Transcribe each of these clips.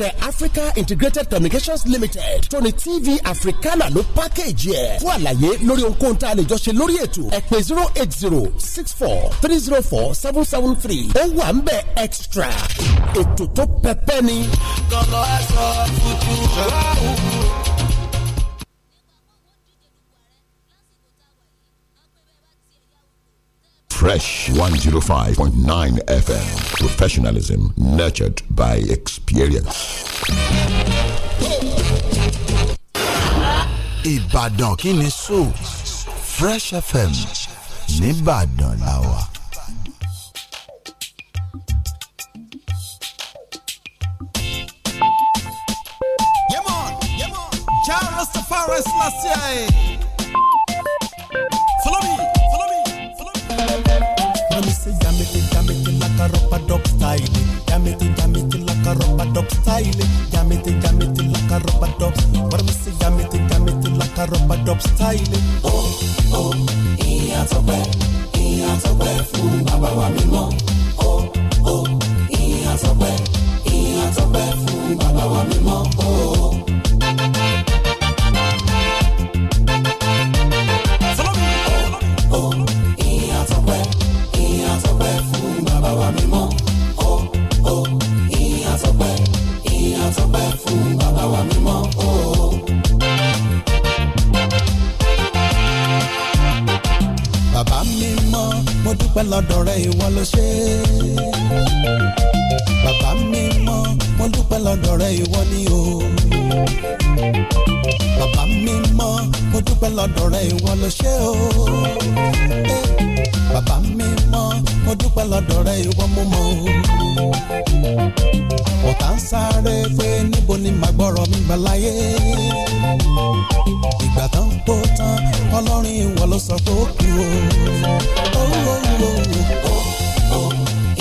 iléeṣẹ́ Africa Integrated Communications Limited tó ní TV Africana ló pákéjì ẹ̀ fún àlàyé lórí ohunkóhun tá a lè jọ ṣe lórí ètò ẹ pè zero eight zero six four three zero four seven seven three ó wà ń bẹ extra ètò tó pẹpẹ ni. kọ́kọ́ ẹ sọ fúdú wàhùn. Fresh 105.9 FM. Professionalism nurtured by experience. Ìbàdàn kí ni so Fresh FM nìbàdàn làwà. Jarrah Safari Slash Follow me. like a rubber duck style. Jam it, jam it like a rubber duck style. Jam it, jam it like a rubber duck. What me say, jam it, jam it like a rubber duck style. Oh, oh, ìyá tọ́pẹ́, ìyá tọ́pẹ́ fún bàbá wa mi mo. Oh, oh, ìyá tọ́pẹ́, ìyá tọ́pẹ́ fún bàbá wa mi mo. Oh. ọpẹ́ lọ́dọ̀ rẹ ìwọ ló ṣe é. bàbá mi mọ mo dúpẹ́ lọ́dọ̀ rẹ ìwọ ni o. bàbá mi mọ mo dúpẹ́ lọ́dọ̀ rẹ ìwọ ló ṣe o. Eh, bàbá mi mọ mo dúpẹ́ lọ́dọ̀ rẹ ìwọ mo mọ o. ọ̀tá ń sáré pé níbo ni màá gbọ́rọ̀ mi gbà láyé. ìgbà tán tó tán ọlọ́rin ìwọ ló sọ pé ó kú o. ó ó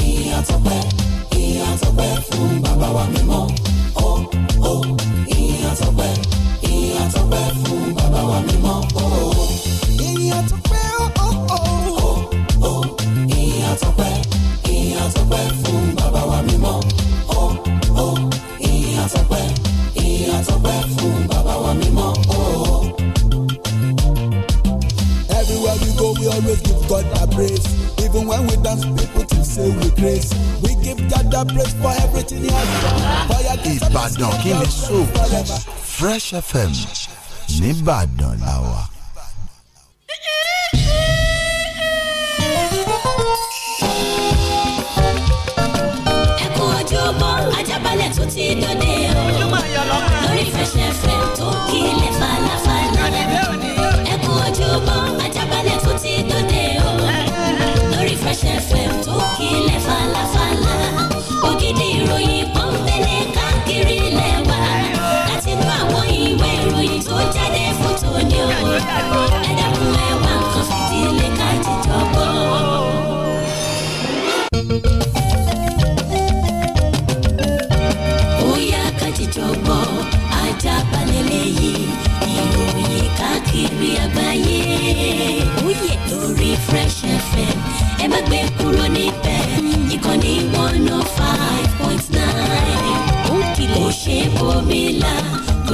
ìyá tó pẹ́ ìyá tó pẹ́ fún bàbá wa mímọ́. mímọ́ o. Oh. ìyìn àtọ́pẹ́ o. Oh, o oh, o ìyìn àtọ́pẹ́ ìyìn àtọ́pẹ́ fún bàbá wa mímọ́ o o ìyìn àtọ́pẹ́ ìyìn àtọ́pẹ́ fún bàbá wa mímọ́ Everywhere we go, we always give God our praise. Even when we dance, people still say we grace. We give God our praise for everything He has done. Ìbàdàn kí ni so Fresh FM nìbàdàn la wà. ẹkún ojúbọ ajábalẹ̀ tó ti dòde o lórí fẹsẹ̀fẹ̀ tó kílẹ̀ falafala ẹkún ojúbọ ajábalẹ̀ tó ti dòde o lórí fẹsẹ̀fẹ̀ tó kílẹ̀ falafala. káàkiri àgbáyé. Oyè lórí Refresh FM ẹ má gbé kúrò níbẹ̀ ìkànnì one oh five point nine. Ó kìlẹ̀ ó ṣe bòmílà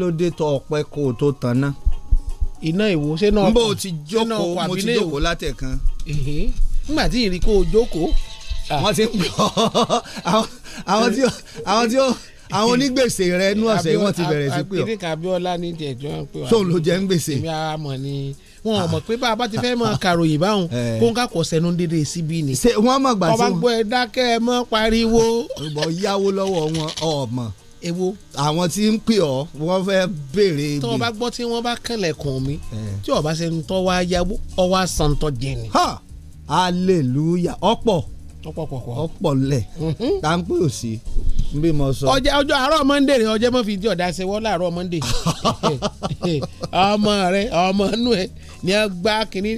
ló dé tọ ọ̀pẹ kó o tó tan ná. iná ìwo ṣé náà kọ nbọ ti jókòó mo ti jókòó látẹ̀kan. nígbà tí ìrì kó o jókòó. Ah. àwọn tí àwọn tí àwọn onígbèsè rẹ nú ọ̀sẹ̀ wọ́n ti bẹ̀rẹ̀ sí pé o. àbíkà Abíọ́lá ní ìjẹ̀jọ́ ń pè wá. sóun ló jẹ́ ń gbèsè. èmi ara mọ̀ ni wọn ò ah. mọ̀ pé bá a bá ti fẹ́ mọ ah. kàròyìn báwọn eh. kó n ká kọ̀ sẹ́nu dédé síbí ni. ṣé wọ́n mọ̀ gbà tí wọ́n. ọba gbọ́ ẹ dákẹ́ ẹ mọ́ pariwo. ọ̀bọ̀ yáwó lọ́wọ́ wọn ọ̀ọ́mọ̀ èwo. àwọn tí ń pè ọ́ wọ́n fẹ́ béèrè. tó o bá gbọ́ tí wọ́n bá kẹlẹ̀kùn mi tí o bá ṣe ń tọ́ wá yáwó ọ wá san tọ́ jẹ ni. ha hallelujah ọ̀pọ̀ ọ̀pọ̀ lẹ̀ tá n pè ò sí bí mo sọ. ọjọ́ ọjọ́ àárọ̀ mọ́ndé rẹ̀ ọjọ́ mọ́ fi di ọ̀dà ṣe wọ́n láàárọ̀ mọ́ndé ọmọ rẹ̀ ọmọ inú ẹ̀ ni a gbá kínní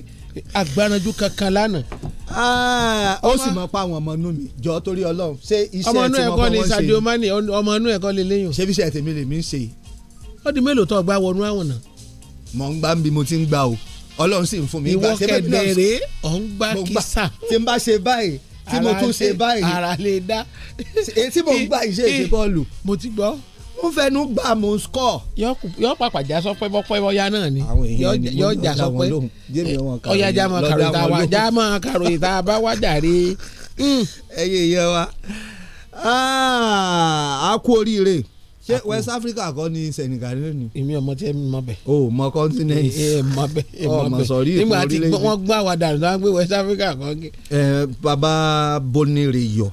agbáranjú kankan lánàá. Ah, ó sì mọ pa àwọn ọmọ inú mi jọ torí Ọlọ́run ṣé iṣẹ́ tí mo kọ́ wọ́n ṣe ọmọ inú ẹ̀kọ́ ni Sadio Mane ọmọ inú ẹ̀kọ́ lè léyìn. ṣé bíṣẹ́ tèmi lèmi ń ṣe. ó di mélòó tó gba wọnú àwọn náà. mọ̀ ń gbá bí mo ti ń gbà o Ọlọ́run sì ń fún mi. ìwọ kẹ̀dẹ̀ rèé ọ̀ ń gbá kísà. tí n bá ṣe báyìí tí mo tún ṣe báyìí. ara lè dá. tí mo ń gbà ìṣe ń fẹnu gbà mò ń score. yọ pàpà já sọ pé bọ́pẹ́ bọ́yá náà ni yọ já sọ pé eh, ọyá já máa kàròyìn tá a wá já máa kàròyìn tá a bá wá jàre. Hmm. ẹyẹ ìyá wa ah, a kú oríire ṣé west africa kọ́ ni senegal lónìí. èmi ọmọ tí ẹ mọ bẹ. o mọ continent. ẹ mọ bẹ ẹ mọ bẹ ọmọ sọrí ètò orílẹ̀-èdè. nígbà tí wọ́n gbọ́ àwọn dànù náà gbé west africa kọ́. ẹ baba bonire yọ.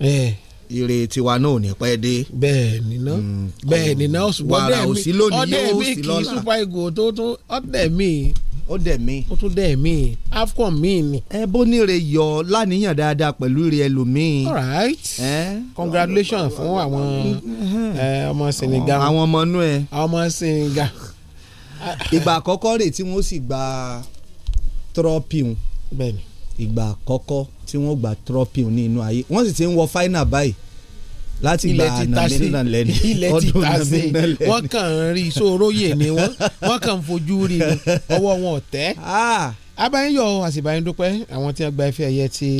ẹ ire tiwa náà ò ní pẹ́ dé. bẹ́ẹ̀ ni ná mm, bẹ́ẹ̀ ni ná ṣùgbọ́n ọdẹ mi ọdẹ mi kì í super ego tó tó ọdẹ mi ó dẹ̀ mí. ó tún dẹ̀ mí afcon mí ni. ẹ bó ní ire yọ láníyàn dáadáa pẹ̀lú ire ẹlòmíín. all right eh? congratulations fún àwọn ọmọ Senegal. àwọn ọmọ inú ẹ. àwọn ọmọ Senegal. ìgbà àkọ́kọ́ rẹ̀ tí wọ́n sì gba trọ́pì wọn. bẹ́ẹ̀ni. ìgbà àkọ́kọ́ tí wọ́n gba trọ́pì ní inú ayé wọ́n sì ti ń wọ fáínà báyìí láti gba nàmínà lẹ́nu ọdún nàmínà lẹ́nu. wọ́n kàn ń rí sóróyè ni wọ́n wọ́n kàn ń fojú rí ni ọwọ́ wọn ò tẹ́. Ah. abáyọ àṣìbáyọ dúpẹ́ àwọn tí wọ́n gba ife ẹ̀yẹ ti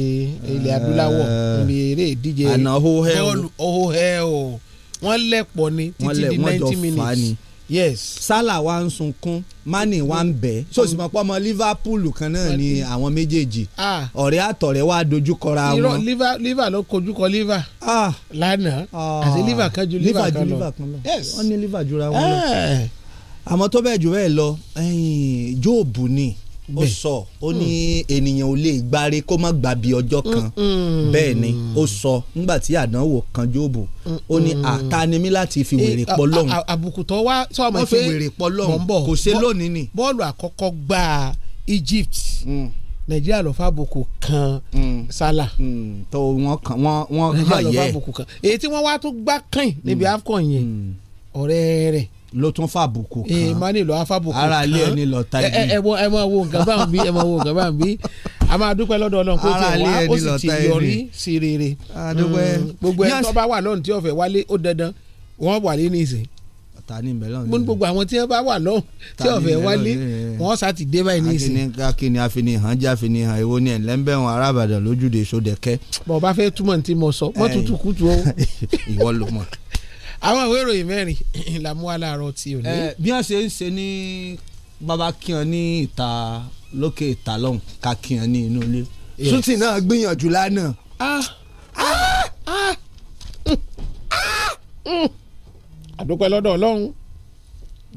ilẹ̀ adúláwọ̀ eh. ní eré ìdíje bọ́ọ̀lù ọ̀hẹ́ o wọ́n lẹ̀pọ̀ ni títí di ninety minutes yes Salah wa ń sunkún Mane wa ń bẹ̀ so sì mọ̀ pé ọmọ Liverpool kan náà ni àwọn méjèèjì ọ̀rẹ́ àtọ̀rẹ́ wa dojú kọra wọn. irọ́ liver ló kojú kọ liver lánàá àti liver kan ju liver kan lọ yes wọ́n ní liver jura wọn lọ eh. àmọ́ tó bẹ́ẹ̀ jù bẹ́ẹ̀ lọ Jóòbù ni ó sọ ó hmm. ní ènìyàn ò lè gbáre kó má gbàbí ọjọ́ kan hmm, hmm. bẹ́ẹ̀ ni ó sọ nígbà tí àdánwò kan jóòbù ó ní àtanimí láti fi eh, wèrè pọ̀ lọ́hùn. àbùkù tó wá sọ ọmọ ìfi wèrè pọ̀ lọ́hùn kò ṣe lónìí ni. bọ́ọ̀lù àkọ́kọ́ gba Egypt nàìjíríà lọ fàbùkù kan sálà. tó wọn kàn wọn wọn hàn yẹ. nàìjíríà lọ fàbùkù kan èyí tí wọ́n wá tún gbá kàn níbi AFCON yẹn ọ̀rẹ́ rẹ̀ ló tún fàbùkù eh, kan emmanuel ló wá fàbùkù kan ara ilé ẹni lọ ta ibi ẹ mọ eh, eh, ẹ mọ wo nǹkan bá ń bí ẹ mọ wo nǹkan bá ń bí a máa dúpẹ́ lọ́dọ̀ ọlọ́run kó tiẹ̀ wá ó sì ti yọrí sí rere mm, gbogbo ẹ̀ tó bá wà lọ́run tí ọ̀fẹ́ wálé ó dandan wọ́n wà lé ní ìsìn ta ní mẹlọ́n ní. gbogbo àwọn tí wọ́n bá wà lọ́hùn tí ọ̀fẹ́ wálé wọ́n sàti dé báyìí ní ìsìn. akíní àfinihàn jẹ́ àfinihàn èwo ni ẹ̀lẹ́mbẹ̀hún arábàdàn lójúde sódẹ̀kẹ́. bọ̀ bá fẹ́ túmọ̀ ní tí mo sọ mọ́tútù kùtù o. ìwọ ló mọ̀ àwọn ìwé ìròyìn mẹ́rin la mú wá láàárọ̀ tí ò ní. bí wọ́n ṣe ń ṣe ní bàbá kíyan ní ìta lókè ìta lọ́hùn ká kíyan ní inú ilé. sútì náà gbìyànjú lánàá. Ah, ah, ah, mm, mm. àdópẹ́ lọ́dọ̀ ọlọ́run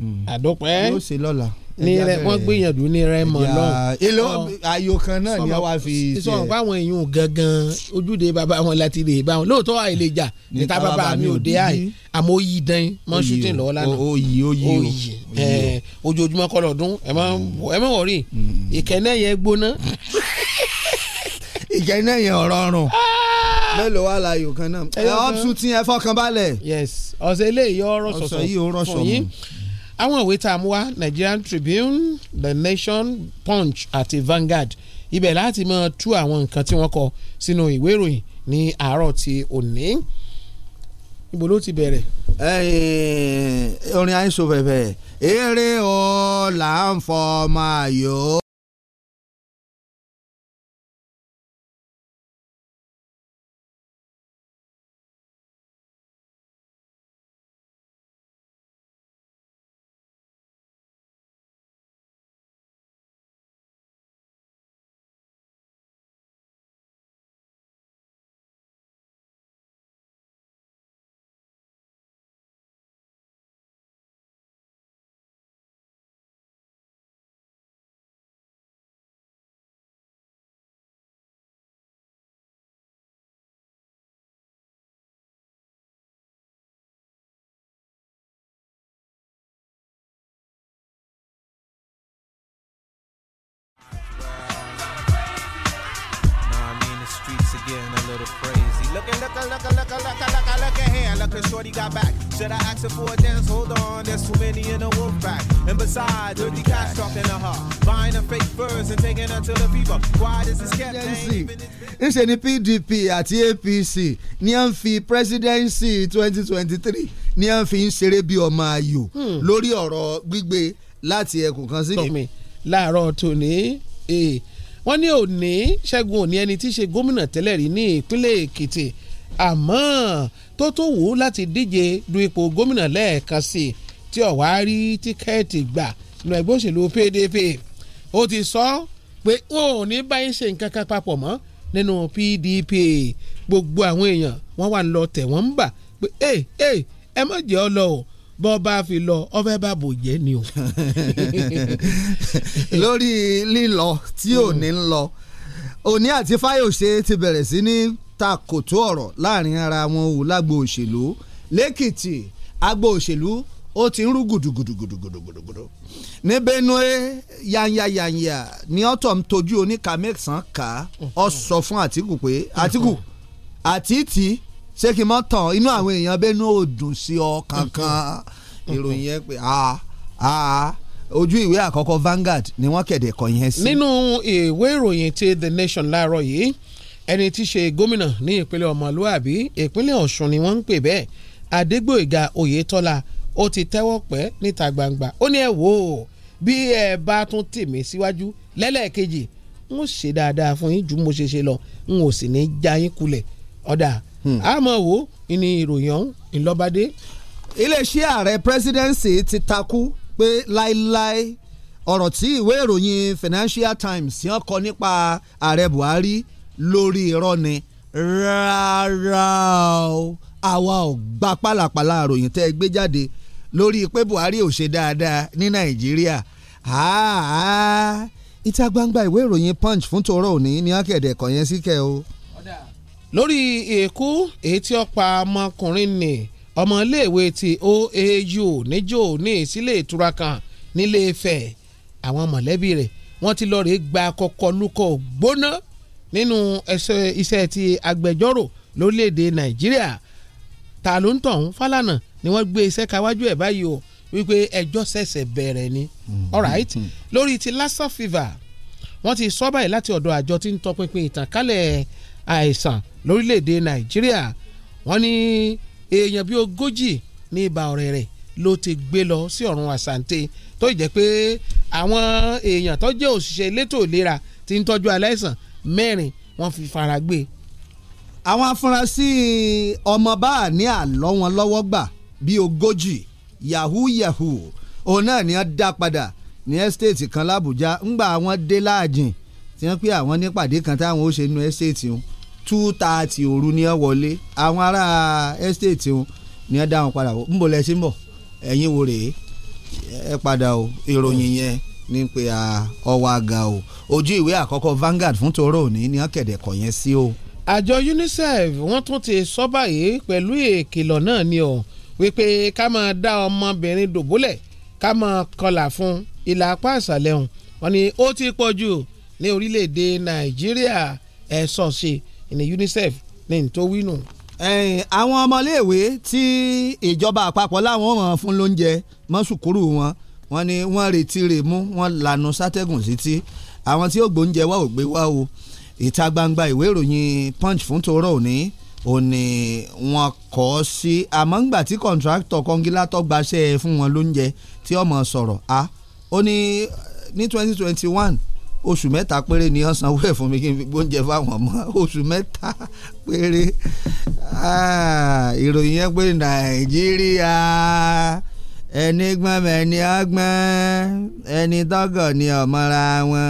mm. àdópẹ́. yóò ṣe lọ́la ní rẹ wọ́n gbìyànjú ní rẹmọ lọ́hùn. èlò ayò kan náà ni wàá fi ṣe. sọ̀rọ̀ báwọn èèyàn gangan ojúde bàbá wọn láti lè bá wọn lóòótọ́ àìlèjà níta bàbá mi ò dé àì àmọ́ oyì dán mọ́ ṣútìn lọ́wọ́ lánàá. oyì oyì oyì ojoojúmọ́ kọ́ lọ́dún ẹ̀ mọ́ wọ̀rí ìkẹ́nẹ́ yẹn gbóná. ìkẹ́nẹ́ yẹn ọ̀rọ̀ ọ̀rùn ah! mélòó wà láàyò kan náà ẹ ọ́pṣù tí ẹ fọkànbalẹ̀. yes ọ̀sẹ̀ eléyìí ọ̀rọ̀ sọ̀sọ̀ fún yín àwọn ìwé tá a mú wá Nigerian Tribune The Nation Punch àti Vanguard ibẹ̀ láti máa tú àwọn nǹkan tí wọ́n kọ sínú ìwé ìròyìn ní àárọ̀ ti òní ibo ló ti bẹ̀rẹ̀. orin àìsàn fẹ̀fẹ̀ eré o là ń fọ ọmọ ayò. little crazy. Look at, look at, look at, look at, look at, look at, look at hand. Look at Shorty got back. Should I ask her for a dance? Hold on, there's too many in the wolf pack. And besides, dirty cats talking to her. Buying her fake furs and taking her to the fever. Why does this cat ńṣe ni PDP àti APC ní à ń fi presidency twenty twenty three ní à ń fi ń ṣeré bí ọmọ ayò hmm. lórí ọ̀rọ̀ gbígbé láti ẹkùn kan sí mi. láàárọ̀ tòní eh, wọ́n ní òní ṣẹ́gun òní ẹni tí í ṣe gómìnà tẹ́lẹ̀ rí ní ìpínlẹ̀ èkìtì àmọ́ tó tó wù ú láti díje du ipò gómìnà lẹ́ẹ̀kan sí i tí ọ̀wá rí tíkẹ́ẹ̀tì gbà nù ẹgbẹ́ òṣèlú pdp ó ti sọ pé òní báyìí ṣe nǹkan kan papọ̀ mọ́ nínú pdp gbogbo àwọn èèyàn wọ́n wà ń lọ tẹ̀ wọ́n ń bà pé ẹ ẹ ẹ má jẹ́ ọ lọ bọ́ bá fi lọ ọfẹ́ bá bò jẹ́ ni o. lórí lílọ tí ò ní ń lọ òní àti fáyọ̀ṣe ti bẹ̀rẹ̀ sí ní takòtó ọ̀rọ̀ láàrin ara wọn o lágbo òṣèlú lẹ́kìtì agbo òṣèlú ó ti ń rú gùdùgùdùgùdùgùdùgùdù ní benue yanyayanya ni ọ̀tọ̀ ń tọ́jú oníkà mẹ́sàn-án ká ọ sọ fún àtìkù pé àtìkù àtìtì ṣé kí n mọ́ tàn inú àwọn èèyàn bẹ́nu ò dùn sí ọ kankan mm-hmm. ìròyìn yẹn pé a a ojú ìwé àkọ́kọ́ Vanguard ni wọ́n kéde ẹ̀kọ́ yẹn sí. nínú ìwé ìròyìn ti The Nation láàárọ̀ yìí ẹni tí í ṣe gómìnà ní ìpínlẹ̀ ọmọlúàbí ìpínlẹ̀ Ọ̀ṣun ni wọ́n ń pè bẹ́ẹ̀ Adégbóyèga Oyètọ́lá ó ti tẹ́wọ́ pẹ́ níta gbangba ó ní ẹ wò ó bí ẹ bá tún tèmi síwájú lẹ́lẹ́ẹ̀kejì ń ṣe dáadáa fún yín ju mo ṣe ṣe lọ ń ò sì ní já yín kulẹ̀ ọ̀dà àmọ́ wo ni ìròyìn ọ̀hún ńlọ́badé. iléeṣẹ́ ààrẹ presidency ti takú pé láéláé ọ̀rọ̀ tí ìwé ìròyìn financial times yàn kọ nípa ààrẹ buhari lórí irọ́ ni rárá o àwa ò gba pálapàla àròyìn tẹ́ ẹ gbé jáde lórí pé buhari ò ṣe dáadáa ní nàìjíríà ìta gbangba ìwé ìròyìn punch fún tòró òní ní akéde ẹ̀kọ́ yẹn síkẹ́ o lórí ikú èyí tí ó pa ọmọkùnrin nì ọmọ ti OAU níjó ní ìsílẹ̀ ìtura kan nílé Ifẹ̀ àwọn mọ̀lẹ́bí rẹ̀ wọ́n ti lọ rèé gba kọkọlùkọ gbóná nínú iṣẹ́ ti agbẹjọ́rò lórílẹ̀‐èdè Nàìjíríà ta ló ń tọ̀hún Fálànà ni wọ́n gbé iṣẹ́ kawájú ẹ̀ báyìí o wípé ẹjọ́ ṣẹ̀ṣẹ̀ bẹ̀rẹ̀ ni mm-hmm. alright lórí ti Lassa fever wọ́n ti sọ báyìí láti ọ̀dọ̀ àjọ tí ń tọpinpin ìtànkálẹ̀ àìsàn lórílẹ̀‐èdè nàìjíríà wọ́n ní èèyàn bíi ogójì ní ibà ọ̀rẹ́ rẹ̀ ló ti gbé lọ sí ọ̀run àsante tó jẹ́ pé àwọn èèyàn tó jẹ́ òṣìṣẹ́ elétò ìlera ti ń tọ́jú aláìsàn mẹ́rin wọ́n fi fara gbé. àwọn afurasí ọmọ bá ní àlọ́ wọn lọ́wọ́ gbà bíi ogójì yahoo yahoo òun náà ni wọ́n dá padà ní ẹ́stéètì kan lábújá ńgbà àwọn dé láàjìn tí wọ́n pé àwọn nípàdé kan táwọn ó ṣe nínú ẹ́stéètì wọn two thirty òru ni wọ́n wọlé àwọn ará estate wọn ni wọ́n dá wọn padà wọ́n ń bọ̀ lẹ́sìn bọ̀ ẹ̀yin wo rèé ẹ padà o ìròyìn yẹn ní pé ọwọ́ àga o ojú ìwé àkọ́kọ́ Vanguard fún tòró òní ni wọ́n kẹ̀dẹ̀ kọ̀ yẹn sí o. àjọ UNICEF wọ́n tún ti sọ báyìí pẹ̀lú ìkìlọ̀ náà ni o wípé ká máa dá ọmọbìnrin dòbólẹ̀ ká máa kọlà fún ìlà apá àṣàlẹ̀ hùn wọ́n ó ti pọ̀ jù ní orílẹ̀-èdè Nàìjíríà ẹ̀ sọ̀ sí ní UNICEF lẹ́yìn tó wí nù. àwọn ọmọléèwé tí ìjọba àpapọ̀ láwọn ò mọ̀ fún lóúnjẹ mọ́ sùkúrù wọn wọ́n ní wọ́n retí rè mú wọ́n lànà sátẹ́gùn sí tí àwọn tí ó gbóúnjẹ wá ò gbé wá o ìta gbangba ìwé ìròyìn punch fún tòró òní òní wọ́n kọ ọ sí àmọ́ ńgbà tí kọ̀ǹtráktọ̀ kọ́ngilátọ̀ gbaṣẹ́ fún wọn lóúnjẹ tí ọmọ sọ̀rọ̀ a ó ní ní twenty twenty one oṣù mẹ́ta péré ni wọ́n sanwó ẹ̀ fún mi kí n fi gbóúnjẹ fáwọn ọmọ oṣù mẹ́ta péré ah, ìròyìn yẹn pé nàìjíríà ẹni gbọ́n mẹ́ni ọgbọ́n ẹni tọ́gọ̀ ni ọ̀mọ́ra wọn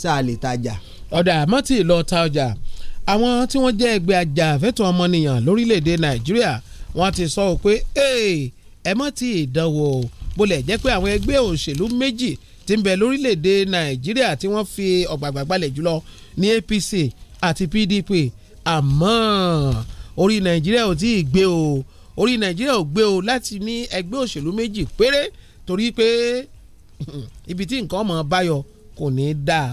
ṣáàlì tajà. ọ̀dà mọ́tì lọ ta ọjà àwọn tí wọ́n jẹ́ ẹgbẹ́ ajá fẹ́tọ̀ ọmọnìyàn lórílẹ̀‐èdè nàìjíríà wọ́n ti sọ pé ẹ mọ́tì ìdánwò bólẹ̀ jẹ́ pé àwọn ẹgbẹ́ òṣèlú méjì tí ń bẹ lórílẹ̀‐èdè nàìjíríà tí wọ́n fi ọ̀gbàgbà gbalẹ̀ jùlọ ní APC àti PDP àmọ́ orí nàìjíríà ò tí ì gbé o orí nàìjíríà ò gbé o láti ní ẹgbẹ́ òṣèlú méjì péré torí pé ibi tí nǹkan mọ̀ báyọ̀ kò ní í dáa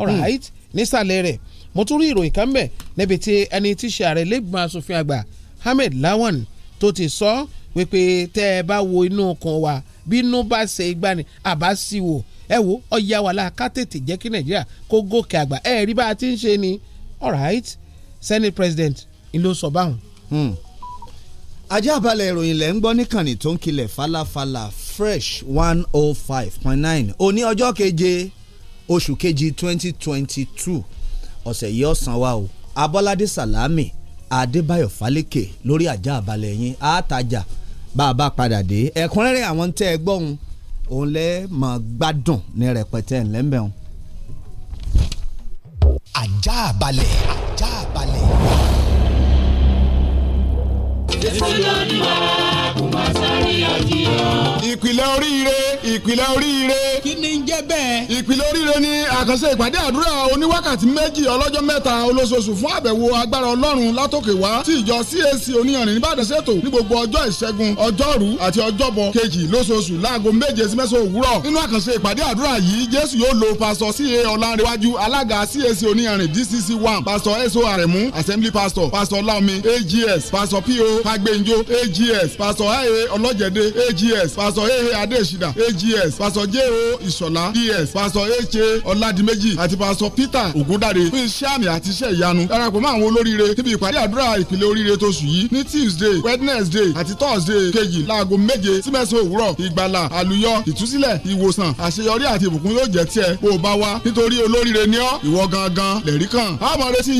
alright hmm. nísàlẹ̀ rẹ̀ mo tún rí ìròyìn kan bẹ̀ níbi tí ẹni tí ṣe ààrẹ lẹ́gbọ̀n asòfin àgbà Ahmed Lawan tó ti sọ wípé tẹ́ ẹ bá wo inú kan wa bínú bá ṣe igbani ni àbá sì wò ẹ wo ọ̀yà wàhálà ká tètè jẹ́ kí nàìjíríà kó gòkè àgbà ẹ rí bá a ti ń ṣe ni alright senate president ń ló sọ báwọn. Hmm. ajá balẹ̀ ìròyìn lẹ́ ń gbọ́ níkànnì tó ń kilẹ̀ falafala fresh one oh five point nine òní ọjọ́ keje oṣù kejì twenty twenty two ọ̀sẹ̀ yìí ọ̀sán wa o abọ́ládé salami adébáyọ̀ falẹ́kẹ̀ lórí ajá balẹ̀ yín àtàjà bá a bá padà dé ẹ̀kúnrẹ́rẹ́ àwọn tẹ́ ẹ gbọ́hùn òun lẹ́ mọ̀ gbádùn ní rẹpẹtẹ ńlẹ́mbẹ̀hún. ajá balẹ̀ ajá balẹ̀. ìfúnni ọdún wa dákun má sáré ọjí o. ìpìlẹ̀ oríire ìpìlẹ̀ oríire. kí ni ń jẹ́ bẹ́ẹ̀. ìpìlẹ̀ oríire ni àkànṣe ìpàdé àdúrà oníwákàtí méjì ọlọ́jọ́ mẹ́ta olóṣooṣù fún àbẹ̀wò agbára ọlọ́run látòkè wá tí ìjọ CAC oníyanrìn nìbàdàn ṣètò ní gbogbo ọjọ́ ìṣẹ́gun ọjọ́rú àti ọjọ́bọ̀ kejì lóṣooṣù láago méje sí mẹ́sàn-án òwúrọ̀ nínú àkànṣe ìpàdé àdúrà yìí jésù yóò lo pásọ CA ọlárẹ̀wájú alága CAC oníyanrìn one pásọ SO àrẹ̀mú assembly pastor pásọ láomi AGS pásọ PO fàgbẹ́njọ AGS pásọ pásọ aa ọlọ́jẹ̀dẹ̀ ags pásọ aa adésínà ags pásọ jo ìṣọ̀lá ds pásọ ha ọládìméjì àti pásọ peter ògúndàre fún iṣẹ́ àmì àti iṣẹ́ ìyanu darapọ̀ mọ́ àwọn olóríire níbi ìpàdé àdúrà ìpìlẹ̀ oríire tóṣù yìí ní tuesday wednesday àti thursday kejì láago méje sí mẹ́sàn-án òwúrọ̀ ìgbàlà àlùyọ ìtúsílẹ̀ ìwòsàn àṣeyọrí àti ìbùkún yóò jẹ́ tiẹ̀ bó o bá wá nítorí olóríire ni ọ́ ìwọ gangan lẹ̀rí kan á máa retí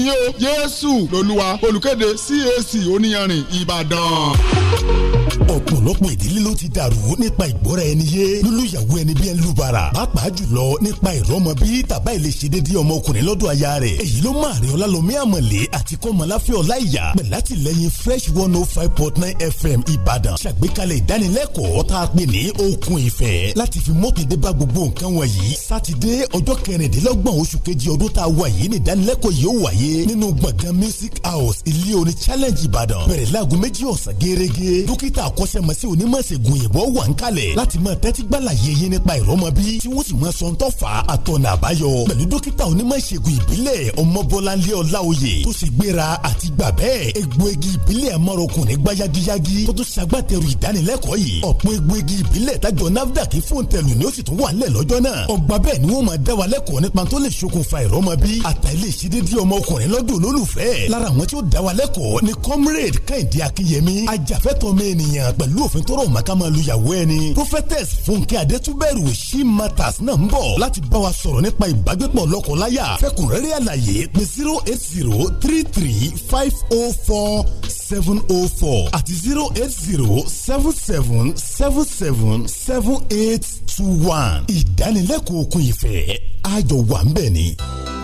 ọ̀pọ̀lọpọ̀ ìdílé ló ti dàrú nípa ìgbọ́ra ẹni yé lólùyàwó ẹni bí ẹni lùbàrà pàápàá jùlọ nípa ìrọmọ bí tàbá ilé ṣe dédé ọmọkùnrin lọ́dọ̀ aya rẹ̀ èyí ló máa rí ọlálọ́mí àmọ̀lé àti kọ́mọláfẹ́ ọláìyá pẹ̀látìlẹ́yìn fresh one oh five point nine fm ìbàdàn ṣàgbékalẹ̀ ìdánilẹ́kọ̀ọ́ tá a pè ní okun ìfẹ́ láti fi mọ́tòdé bá gbogbo nǹkan wọ̀nyí sátidé ọjọ́ kẹrìndínlọ́gbọ̀n oṣù kejì ọdún tá a wà yìí ní ìdánilẹ́kọ̀ọ́ yìí ó wáyé nínú gbọ̀ngàn music house ilé orin challenge ìbàdàn bẹ̀rẹ̀ láago méjì ọ̀sán gẹ́gẹ́ dókítà akọ́ṣẹ́mọṣẹ́ onímọ̀ṣègùn òyìnbó wà ń kalẹ̀ láti máa tẹ́tí gbàlàyé yín nípa ìrọmọbí tí wọ́n sì máa sọ ń tọ́fà àtọ̀nà àbáyọ pẹ̀lú dókítà onímọ̀ṣègùn ìbílẹ̀ ọmọbọ́láńlé ọláoyè tó sì gbéra àti gbà bẹ́ẹ̀ egbòogi ìbílẹ̀ amárokùn ní gbáyagíyágí tó tún ṣagbátẹrù ìdánilẹ́kọ̀ọ́ yìí ènìyàn pẹ̀lú òfin tó rọ̀ màkà máa lu ìyàwó ẹni. prophetess fúnkẹ́ adétúbẹ̀rù she matters náà ń bọ̀ láti bá wa sọ̀rọ̀ nípa ìbágbépọ̀ lọ́kọ̀láyà fẹ́kùnrẹ́rẹ́ àlàyé pé zero eight zero three three five oh four seven oh four àti zero eight zero seven seven seven seven seven eight two one ìdánilẹ́kọ̀ọ́ òkun ìfẹ́ àjọ wà ń bẹ̀ ni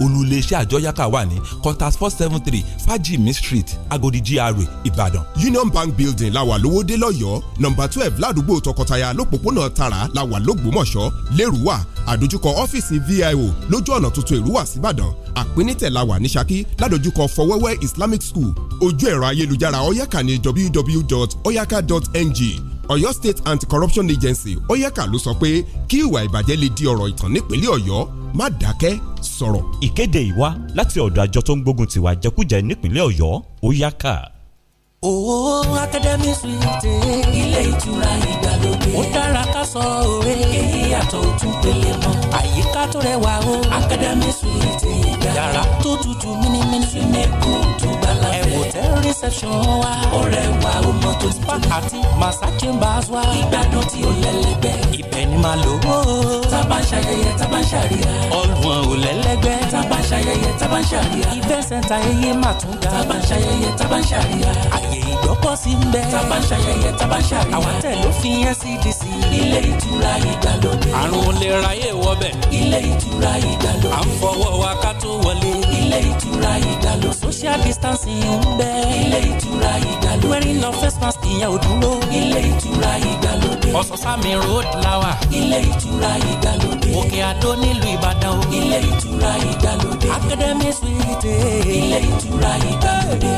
olùléṣẹ́ àjọyàká wà ní contact four seven three fajimi street agodi gra ìbàdàn. union bank building làwà lówódé lọ́yọ́ọ́ nọ́mbà twelve ládùúgbò tọkọtaya lọ́pọ̀pọ̀nà tara làwà lọ́gbọ́mọ̀ṣọ́ lẹ́rùwà àdójúkọ ọ́fíìsì vio lójú ọ̀nà tuntun ìrúwà síbàdàn àpínítẹ̀ làwà ní ṣakí ládójúkọ fọwẹ́wẹ́ islamic school ojú ẹ̀rọ ayélujára oyaka ní www.oyaka.ng ọ̀yọ́ state anti-corruption agency oyaka ló sọ pé kí ìwà ìbàjẹ́ lè di ọ̀rọ̀ ìtàn nípínlẹ̀ ọ̀yọ́ má dákẹ́ sọ̀rọ̀. ìkéde ìwá láti ọ̀dọ̀ àjọ tó ń gbógun tiwa jẹkújẹ nípínlẹ̀ ọ̀yọ́ ó yá ká. Owó Akademi Suite. Ilé ìtura ìgbàlódé. Ó dára ká sọ òwe. Èyí yàtọ̀ òtún pélé mọ́. Àyíká tó rẹwà o. Akademi Suite. Yàrá tó tutù mímímí. Súnmẹ́kù tó gbàlá hotel reception wa. ọ̀rẹ́ wa ó mọ tó ti tó. spa àti massa chambers wa. ìgbádùn tí ó lẹ́lẹ́gbẹ́. ibẹ̀ ni màá lò ó. tábà ń ṣayẹyẹ tábà ń ṣàríyá. ọ̀gbun ò lẹ́lẹ́gbẹ́. tábà ń ṣayẹyẹ tábà ń ṣàríyá. event center eye máa tún ga. tábà ṣayẹyẹ tábà ń àyè ìgbọ́kọ̀ ń bẹ. tábà ṣayẹyẹ tábà ń àwọn tẹ̀ ló fi NCDC. ilé ìtura ìgbàlódé. àrùn olè ráyè wọbẹ̀. ilé ìtura ìgbàlódé. à ń fọwọ́ wa ká tó wọlé. ilé ìtura ìgbàlódé. social distancing ń bẹ. ilé ìtura ìdàlódé. wearing no face mask ìyẹn ò dúró. ilé ìtura ìdàlódé. ọ̀sán-sámi road lawa. ilé ìtura ìdàlódé. òkè àdó nílùú ìbàdàn o. ilé ìtura ìdàlódé. academy suite. ilé ìtura ìdàlódé.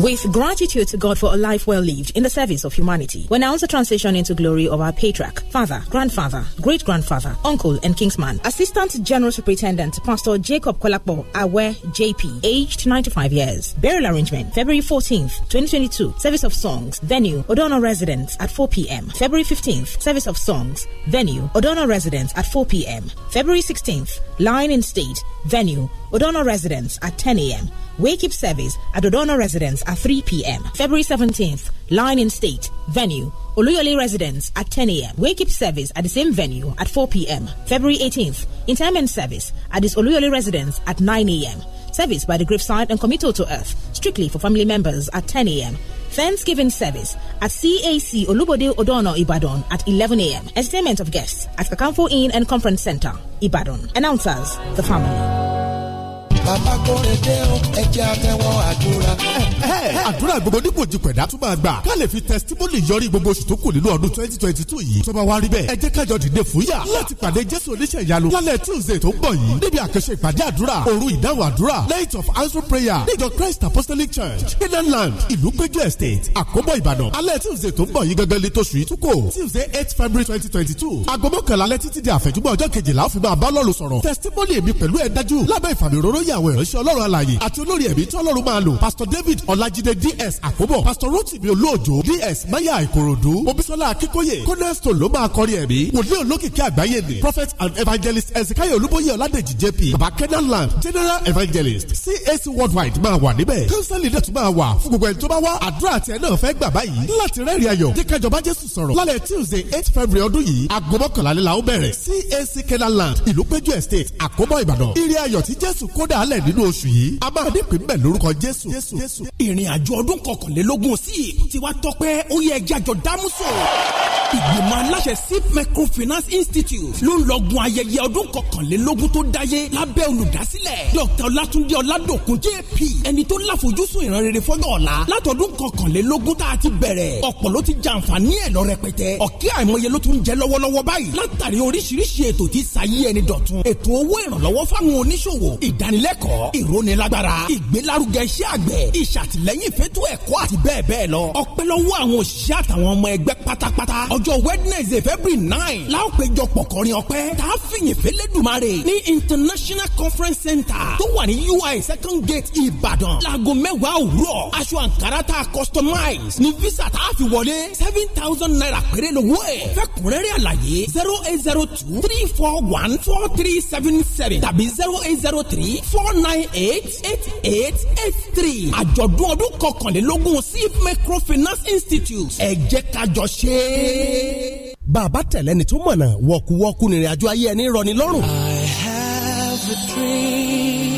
With gratitude to God for a life well lived in the service of humanity, we announce the transition into glory of our patriarch, father, grandfather, great grandfather, uncle, and kingsman, Assistant General Superintendent, Pastor Jacob Kolakbo Awe JP, aged 95 years. Burial arrangement, February 14th, 2022, service of songs, venue, Odono Residence at 4 p.m. February 15th, service of songs, venue, Odono Residence at 4 p.m. February 16th, line in state, venue, Odono Residence at 10 a.m. Wake up service at Odono Residence at 3 p.m. February 17th, Line in State, venue. Oluyole Residence at 10 a.m. Wake up service at the same venue at 4 p.m. February 18th, interment service at this Oluyole Residence at 9 a.m. Service by the Graveside and Committal to Earth, strictly for family members at 10 a.m. Thanksgiving service at CAC Olubode Odono Ibadan at 11 a.m. Entertainment of guests at Kakamfo Inn and Conference Center, Ibadan. Announcers, the family. bàbá kóre dé o ẹ jẹ́ àtẹ́wọ́ àdúrà. àdúrà gbogbo dípò di pẹ̀dá tún máa gbà ká lè fi tẹsítímọ́lì yọrí gbogbo oṣù tó kù nínú ọdún twenty twenty two yìí tó bá wá rí bẹ́ẹ̀ ẹ jẹ́ kájọ dìde fúyà láti pàdé jésù oníṣẹ́ ìyanu lálẹ́ tuesday tó ń bọ̀ yìí níbi àkànṣe ìpàdé àdúrà òru ìdáhùn àdúrà night of answer prayer níjọ christ apostolic church canaan land ìlú péjú estate àkóbọ̀ ìbàdàn alẹ́ tuesday tó ń bọ̀ yìí gangan ní tuesday eight february twenty twenty two aago mọ́kànlá alẹ́ títí di àfẹ̀júmọ́ ọjọ́ kejìlá testimony èmi pẹ̀lú ẹ̀ dájú lábẹ́ ìfàmì àwọn ìránṣẹ́ ọlọ́run alàyè àti olórí ẹ̀mí tí ọlọ́run máa lò pastor david ọlájídé ds àkóbọ̀ pastor rotimi olóòjò ds maya ìkòròdú obisola akíkóyè kónẹ́stò ló máa kọrin ẹ̀mí wòlíì olókìkí àgbáyé ni prophet and evangelist ezekiel olúbóyè ọládèjì jp baba kenan land general evangelist cac worldwide máa wà níbẹ̀ kánsẹ́lì náà tún máa wà fún gbogbo ẹni tó bá wá àdúrà tí ẹ náà fẹ́ gbà báyìí láti rẹ́rìn ayọ̀ tuesday eight february ọdún yìí aago mọ́kànlá cac kenan land ìlúpéjú estate àkóbọ̀ ìbàdàn ire ayọ̀ tí jésù dálẹ̀ nínú oṣù yìí a máa ní pín lórúkọ jésù. ìrìn àjò ọdún kọkànlélógún sí ti wá tọpẹ́ ó yẹ ẹjẹ́ àjọ ìgbìmọ̀ aláṣẹ sip microfinance institute ló ń lọ́gun ayẹyẹ ọdún kọkànlélógún tó dáyé lábẹ́ olùdásílẹ̀ dr ọlátúndé ọládòkun jp ẹni tó láfojúsùn ìran rere fọ́jọ́ ọ̀la látọdún kọkànlélógún tá a ti bẹ̀rẹ̀ ọ̀pọ̀ ló ti jàǹfààní ẹ̀ lọ rẹpẹtẹ ọ̀kẹ́ àìmọye ló tún jẹ́ lọ́wọ́lọ́wọ́ báyìí látàrí oríṣiríṣi ètò tí sayé ẹni dọ̀tun ètò owó ìrànlọ́wọ́ fáwọn oníṣòwò ìdánilẹ́k ìdánilẹ́kọ̀ọ́ ìrónilágbára ìgbélárugẹ iṣẹ́ àgbẹ̀ ìṣàtìlẹ́yìn ìfẹ́tọ̀ ẹ̀kọ́ àti bẹ́ẹ̀ bẹ́ẹ̀ lọ ọpẹ́ lọ́wọ́ àwọn òṣìṣẹ́ àtàwọn ọmọ ẹgbẹ́ pátápátá ọjọ́ wednesday february nine láòpéjọpọ̀ kọrin ọpẹ́ tá a fìyìn fẹ́lẹ́dùmarè ní international conference center tó wà ní ui second gate ìbàdàn láago mẹ́wàá òwúrọ̀ aṣọ àǹkárá tá a customize ní visa tá a wọlé seven thousand naira péré lówó ẹ̀ fẹ́kùnrẹ́rẹ́ àlàyé zero eight zero two three four one four three seven seven tàbí zero eight zero three four four nine eight eight eight eight three. àjọ̀dún ọdún kọkànlélógún cif microfinance institute ẹ jẹ́ ṣe é. bàbá tẹ̀lẹ́ni tó mọ̀nà wọ̀kúwọ́kú nírìn àjò ayé ẹni rọ̀ ní lọ́rùn. I have a dream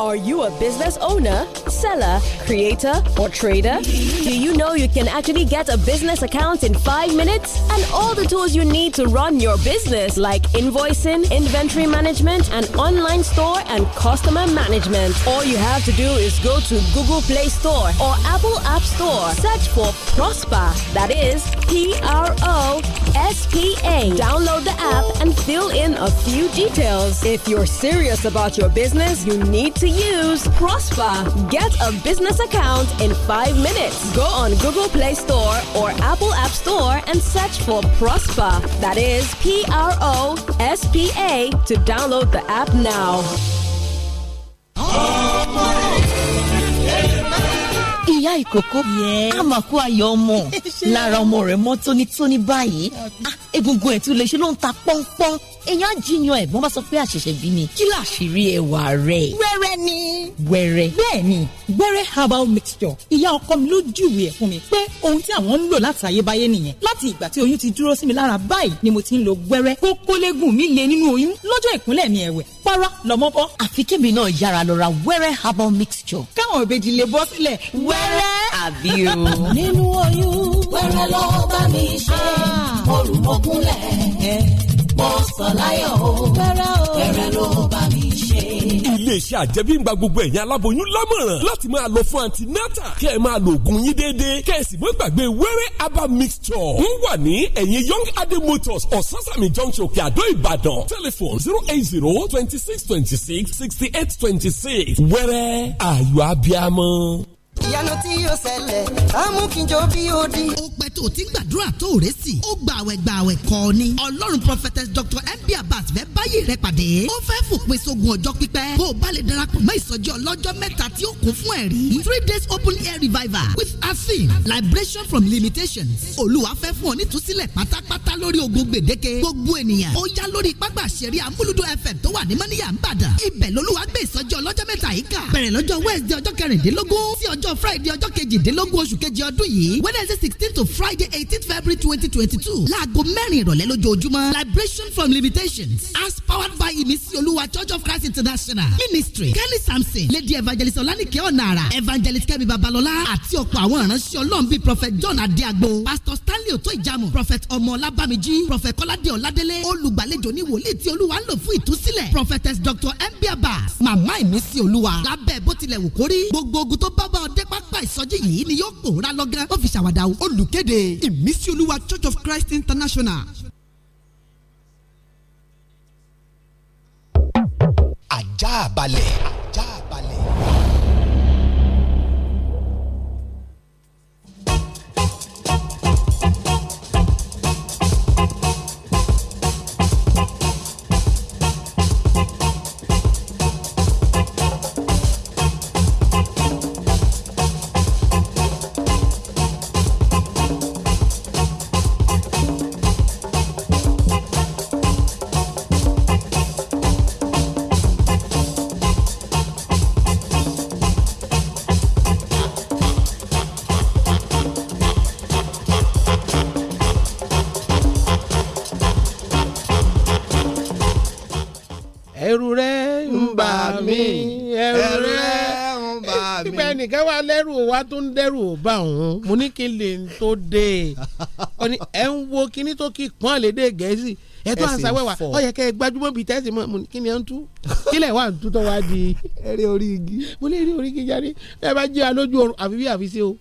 Are you a business owner, seller, creator, or trader? Do you know you can actually get a business account in five minutes? And all the tools you need to run your business, like invoicing, inventory management, an online store, and customer management. All you have to do is go to Google Play Store or Apple App Store. Search for Prosper, that is P R O S P A. Download the app and fill in a few details. If you're serious about your business, you need to use Prosper. Get a business account in five minutes. Go on Google Play Store or Apple App Store and search for Prosper. That is P R O S P A to download the app now. ìyá ìkókó á máa kó ayọ̀ ọmọ lára ọmọ rẹ̀ mọ́ tónítóní báyìí ah, egungun ẹ̀tún lè ṣe ló ń ta pọ́npọ́n èèyàn jiyan ẹ̀gbọ́n bá sọ pé àṣẹ̀ṣẹ̀ bí ni kí làṣírí ẹwà rẹ̀. wẹ́rẹ́ ni. wẹ́rẹ́. bẹ́ẹ̀ni wẹ́rẹ́ herbal mixture ìyá ọkọ mi ló júwèé ẹ̀ fún mi pé ohun tí àwọn ń lò láti ayébáyé nìyẹn láti ìgbà tí oyún ti dúró sí mi lára báyìí ni mo ti ń lo wẹ́rẹ́ kókólégùn mi lè nínú oyún lọ́jọ́ ìkúnlẹ̀ mi ẹ̀wẹ̀ para lọ́mọ bọ́. àfi kébì náà yára lọ ra wẹ́rẹ́ herbal mixture. káwọn òbejì lè bọ́ sílẹ̀ wẹ́rẹ́ wẹ́rẹ́. àbí o. nínú oyún wẹ́rẹ́ lọ bá mi ṣe ah. mo rù mo kúnlẹ̀ eh. mo sọ láyọ̀ o wẹ́rẹ́ ló bá mi ṣe iléeṣẹ́ àjẹmíngba gbogbo ẹ̀yin aláboyún lámọ̀ràn láti máa lọ fún antinata kẹ́ ẹ máa lo oògùn yín déédéé kẹ́ ẹ sì mọ́ gbàgbé wẹ́rẹ́ aba mixture ń wà ní ẹ̀yìn young adé motors ososani junction kíadó ìbàdàn telephone zero eight zero twenty six twenty six sixty eight twenty six wẹ́rẹ́ ayọ̀ abiamọ ìyanu tí yóò ṣẹlẹ̀ á mú kí n jó bí ó di. ó pẹ́ tó ti gbàdúrà tó rẹ̀ sí ó gbàwẹ̀ gbàwẹ̀ kọ́ ni ọlọ́run prophetess dr mb abbas fẹ́ báyé rẹ pàdé ó fẹ́ fòpin sógun ọjọ́ pípẹ́ bó o bá lè darapọ̀ mọ́ ìsọjí ọlọ́jọ́ mẹ́ta tí ó kún fún ẹ̀rí three days open air revival with a theme liberation from limitations olúwa fẹ́ fún ọ nítúsílẹ̀ pátápátá lórí ogun gbèdéke gbogbo ènìyàn ó yá lórí pápá àṣẹrí amúlùdó fm tó wà ní mọ́níyà ń bàdàn ibẹ̀ lolúwa gbé ìsọjí ọlọ́jọ́ mẹ́ta yìí kà bẹ̀rẹ̀ lọ́jọ́ wednesday ọjọ́ kẹrìndínlógún sí ọjọ́ lọ́jọ́ friday ọjọ́ kejìdínlógún oṣù kejì ọdún yìí wednesday sixteen to friday eighteen february twenty twenty two láago mẹ́rin ìrọ̀lẹ́ lójoojúmọ́ liberation from limitations as powered by ìmísí olúwa church of christ international ministry kenny samson lady evangelist Olanike Onara, evangelist Kemi Babalola, àti ọ̀pọ̀ àwọn ìránṣẹ́ ọlọ́run bíi prophet john adiagbo pastor stanley oto ijamu prophet ọmọ ọlábàmíjì prophet kọ́ládé ọ̀ládélé olùgbàlejò ní wòlíì tí olúwa ń lò fún ìtúsílẹ̀ prophetess dr mbiabas màmá ìmísí olúwa lábẹ́ bó tilẹ̀ wù kórí gbogbo ogun tó bá bá ọd dé pápá ìsọjí yìí ni yóò pòórá lọ́gán ó fi ṣàwàdà olùkéde ìmísí olúwa Church of Christ International. ajá balẹ̀. ajá balẹ̀. bá tó ń dẹ́rù bá òun mo ní kí n lè tó dé ẹ ń wo kíní tó kí pọ́n lédè gẹ̀ẹ́sì ẹ tó àṣà wẹ̀wà ọ yẹ kẹ́ ẹ gbajúmọ̀ bíi tẹ́sí mọ́ kí ni ẹ ń tú kílẹ̀ wà ń tú tó wá di. ẹ rí orí igi. mo lè rí orí igi jáde ẹ bá jí alójú oorun àfi bí àfi sí o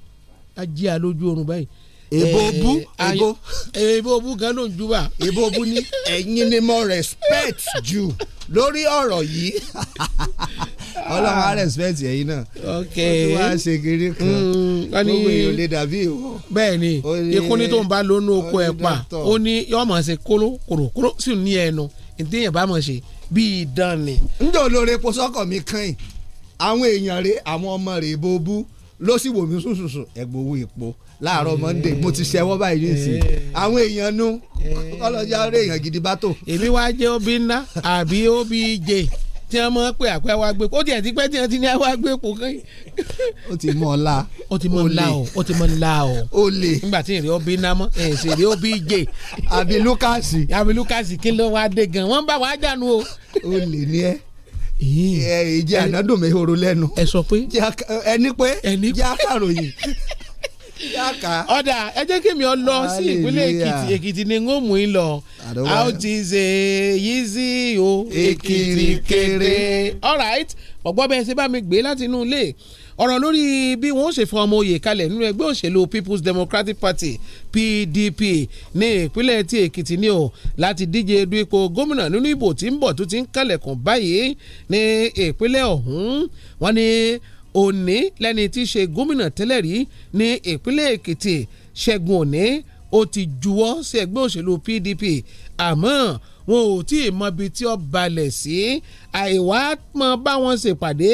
a jí alójú oorun báyìí. èbó bú èbó. èbó bú gan ló ń júbà. èbó bú ní ẹ̀yin ni mo respect jù lórí ọ̀rọ̀ yìí ọlọ́run á respect ẹ̀yin náà ok ó ti wá ṣe kiri kan mm, mm, gbogbo èèyàn lè dàbí ìwọ. bẹ́ẹ̀ni ìkúnni tó ń bá lónú oko ẹ pa ó ní yọmọ ṣe kóró kòròkòrò sì ní ẹnu ìdíyẹn bá mọ̀ ṣe bí idán ni. ń jò lóore epo sọ́kọ̀ mi kàn yín àwọn èèyàn rẹ̀ àwọn ọmọ rẹ̀ bó bú ló sì wò mí sùsùsù ẹ̀gbọ́n owó epo láàárọ̀ monday mo ti ṣẹwọ́ báyìí nìsín eh. àwọn èèyàn nu eh. ọlọ́jà rẹ̀ èèyàn gidi bá tò. èmi wá jẹ́ obi ńlá àbí obi jẹ́ tí wọ́n mọ̀ pé àpẹ́ wa gbé ó tiẹ̀ ti pẹ́ tí wọ́n ti ní àwa gbé pò kán. ó ti mọ̀ la ó ti mọ̀ la o ó ti mọ̀ la o. o lè. nígbà tí èrè obi ná mọ́ èsì èrè obi jè. àbí lukasi. àbí lukasi kí ló wá dé gan wọ́n bá wàá jànú o. o lè ní ẹ ìjẹ ànádùnmí horo lẹ́nu. ẹ sọ pé. ẹni pé ẹni pé jẹ́ ọ̀dà ẹ jẹ́ kí mi ọ lọ sí ìpínlẹ̀ èkìtì èkìtì ni n ó mú in lọ a ó ti ṣe yìí sí o èkìtì kéré alright ọ̀gbọ́n bẹ́ẹ̀ ṣe bá mi gbé láti inú ilé ọ̀rọ̀ lórí bí wọ́n ṣe fún ọmọ oyè kalẹ̀ nínú ẹgbẹ́ òṣèlú People's Democratic Party PDP ní ìpínlẹ̀ ti Èkìtì ni o láti díje du ipò gómìnà nínú ìbò tí ń bọ̀ tó ti ń kalẹ̀kùn báyìí ní ìpínlẹ̀ ọ̀hún wọ́n ní òní lẹ́ni tí í ṣe gómìnà tẹ́lẹ̀ rí ní ìpínlẹ̀ èkìtì ṣẹ́gun òní ó ti juwọ́ sí ẹgbẹ́ òṣèlú pdp àmọ́ wọn ò tí ì mọbi tí ó balẹ̀ sí àìwá mọ bá wọn ṣèpàdé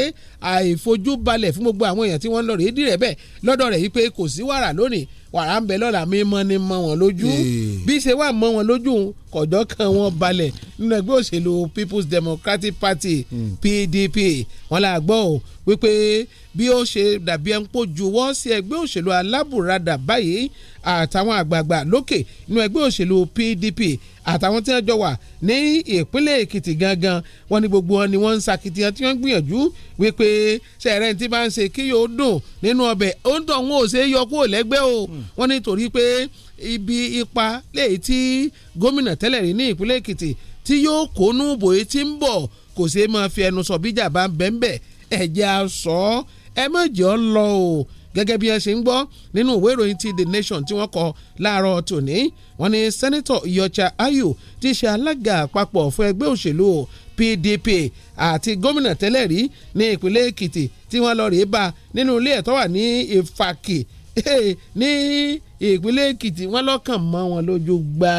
àìfojú balẹ̀ fún gbogbo àwọn èèyàn tí wọ́n lọ rèé dìrẹ̀ bẹ́ẹ̀ lọ́dọ̀ rẹ̀ yìí pé kò sí wàrà lónìí wàrà ń bẹ lọ́la mímọ́ ni mọ́ wọn lójú bí ṣe wà mọ́ wọn lójú kọ̀jọ́ kan wọn balẹ̀ nínú ẹgbẹ́ òṣèlú People's Democratic Party hmm. PDP wọn là gbọ́ ọ wípé bí ó ṣe dàbí ẹn pò juwọ́ sí ẹgbẹ́ òṣèlú alábùradà báyìí àtàwọn àgbààgbà lókè nínú ẹgbẹ́ òṣèlú PDP àtàwọn tí wọ́n jọ wà ní ìpínlẹ̀ Èkìtì gangan wọn ni gbogbo wọn ni wọ́n ń sakitiyan tí wọ́n ń gbìyànjú wípé sẹ̀rẹ̀ tí bá ń ṣe kí yóò dùn nínú ọbẹ̀ ó ń tọ̀ wọn ò ṣe é yọ kúrò lẹ́gbẹ́ o. Mm wọ́n nítorí pé ibi ipa léyìí tí gómìnà tẹ́lẹ̀ rí ní ìpínlẹ̀ Èkìtì tí yóò kónú bòye tí ń bọ̀ kò ṣeé máa fi ẹnu sọ bíjà bá ń bẹ́ńbẹ́ ẹ̀jẹ̀ àṣọ ẹ mọ̀jọ́ lọ o gẹ́gẹ́ bí ẹ ṣe ń gbọ́ nínú ìwé ìròyìn ti The Nation tí wọ́n kọ láàárọ̀ tòní wọ́n ní sẹ́nẹ́tọ̀ Iyorchia Ayu ti ṣe alága àpapọ̀ fún ẹgbẹ́ òṣèlú PDP àti gómìnà tẹ́lẹ̀ rí ní ìpínlẹ̀ Èkìtì tí wọ́n lọ rèé bá nínú ilé ẹ̀ tó wà ní Ìfàkì e ní ìpínlẹ̀ Èkìtì wọ́n lọ́kàn mọ́ wọn lójú gba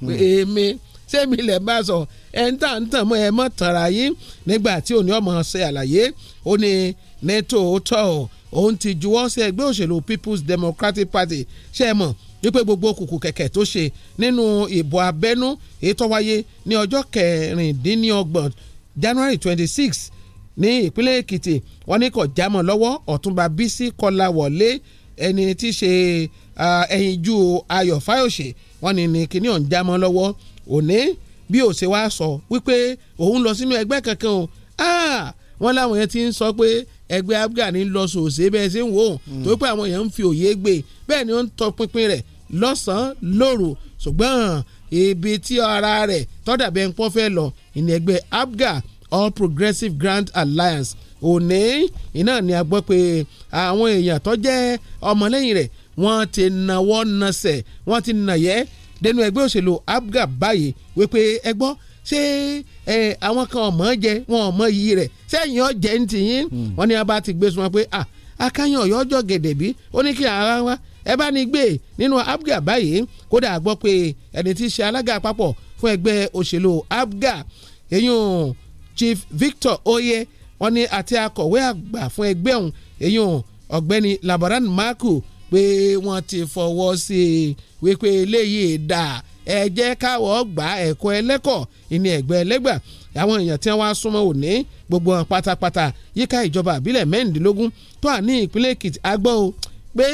hmm. èmi sẹ́mi ilẹ̀ bá sọ ẹ̀ ń tàn tàn mọ́ ẹ mọ́ tàrà yín nígbà tí òní ọmọ ṣe àlàyé ó ní ní tòótọ́ òun ti juwọ́ sí ẹgbẹ́ òṣèlú People's Democratic Party ṣe é mọ̀ wípé gbogbo kùkù kẹ̀kẹ́ tó ṣe nínú ìbò abẹ́nú èyí tó wáyé ní ọjọ́ kẹrìndínlọ́gbọ̀n January twenty six ní ìpínlẹ̀ Èkìtì wọ́n ní kò jámọ́ lọ́wọ́ Ọ̀túnba Bísí Kọláwọlé ẹni tí ṣe ẹyinjú ayọ̀ fáyọ̀ṣe wọn ni ní kíní ọ̀hún já mọ́ lọ́wọ́ òní bí ó ṣe wá sọ wípé òun lọ sínú ẹgbẹ́ kankan o wọn láwọn yẹn ti ń sọ pé ẹgbẹ́ abga ní lọ sòsè bẹ́ẹ̀ ṣe ń wò ó hmm. tó pé àwọn yẹn ń fi òye gbé bẹ́ẹ̀ ni ó ń tọpinpin rẹ̀ lọ́sàn-án lóru ṣùgbọ́n ibi tí ara rẹ̀ tọ́dà bẹ́ẹ̀ ń pọ́n fẹ́ lọ ìní ẹgbẹ́ abga All Progressive Grand Alliance òní iná ni a gbọ́ pé àwọn èèyàn tó jẹ́ ọmọlẹ́yìn rẹ̀ wọ́n ti nawọ́ nasẹ̀ wọ́n ti nàyẹ́ dẹnu ẹgbẹ́ òṣèlú abga báyìí wípé ẹ gbọ́ ṣé àwọn kan ọmọ jẹ wọn ọmọ yìí rẹ̀ sẹ́yìn ọ̀jẹ̀ ń tìyín hmm. wọ́n ní a bá ti gbé sùn pé ah akáyàn ọ̀yọ́ ọjọ́ gẹ̀dẹ̀ bí ó ní kí ara wa ẹ bá ní gbé nínú abga báyìí kódà gbọ́ pé ẹni tí í ṣe alága àpapọ̀ fún ẹgbẹ́ òṣèlú abga èyàn chief victor oye ó ní àti akọ̀wé àgbà fún ẹgbẹ́ ọ̀hún èyàn ọ̀gbẹ́ni Labaran Marco pé wọ́n ti fọwọ́ sí i wípé eléyìí dà ẹ jẹ́ káwọ́ gba ẹ̀kọ́ ẹlẹ́kọ̀ọ́ ìní ẹ̀gbẹ́ ẹlẹ́gbà àwọn èèyàn tí wọ́n á súnmọ́ òní gbogbo wọn pátápátá yíká ìjọba àbílẹ̀ mẹ́rìndínlógún tó à ní ìpínlẹ̀ Èkìtì agbọ́ o pé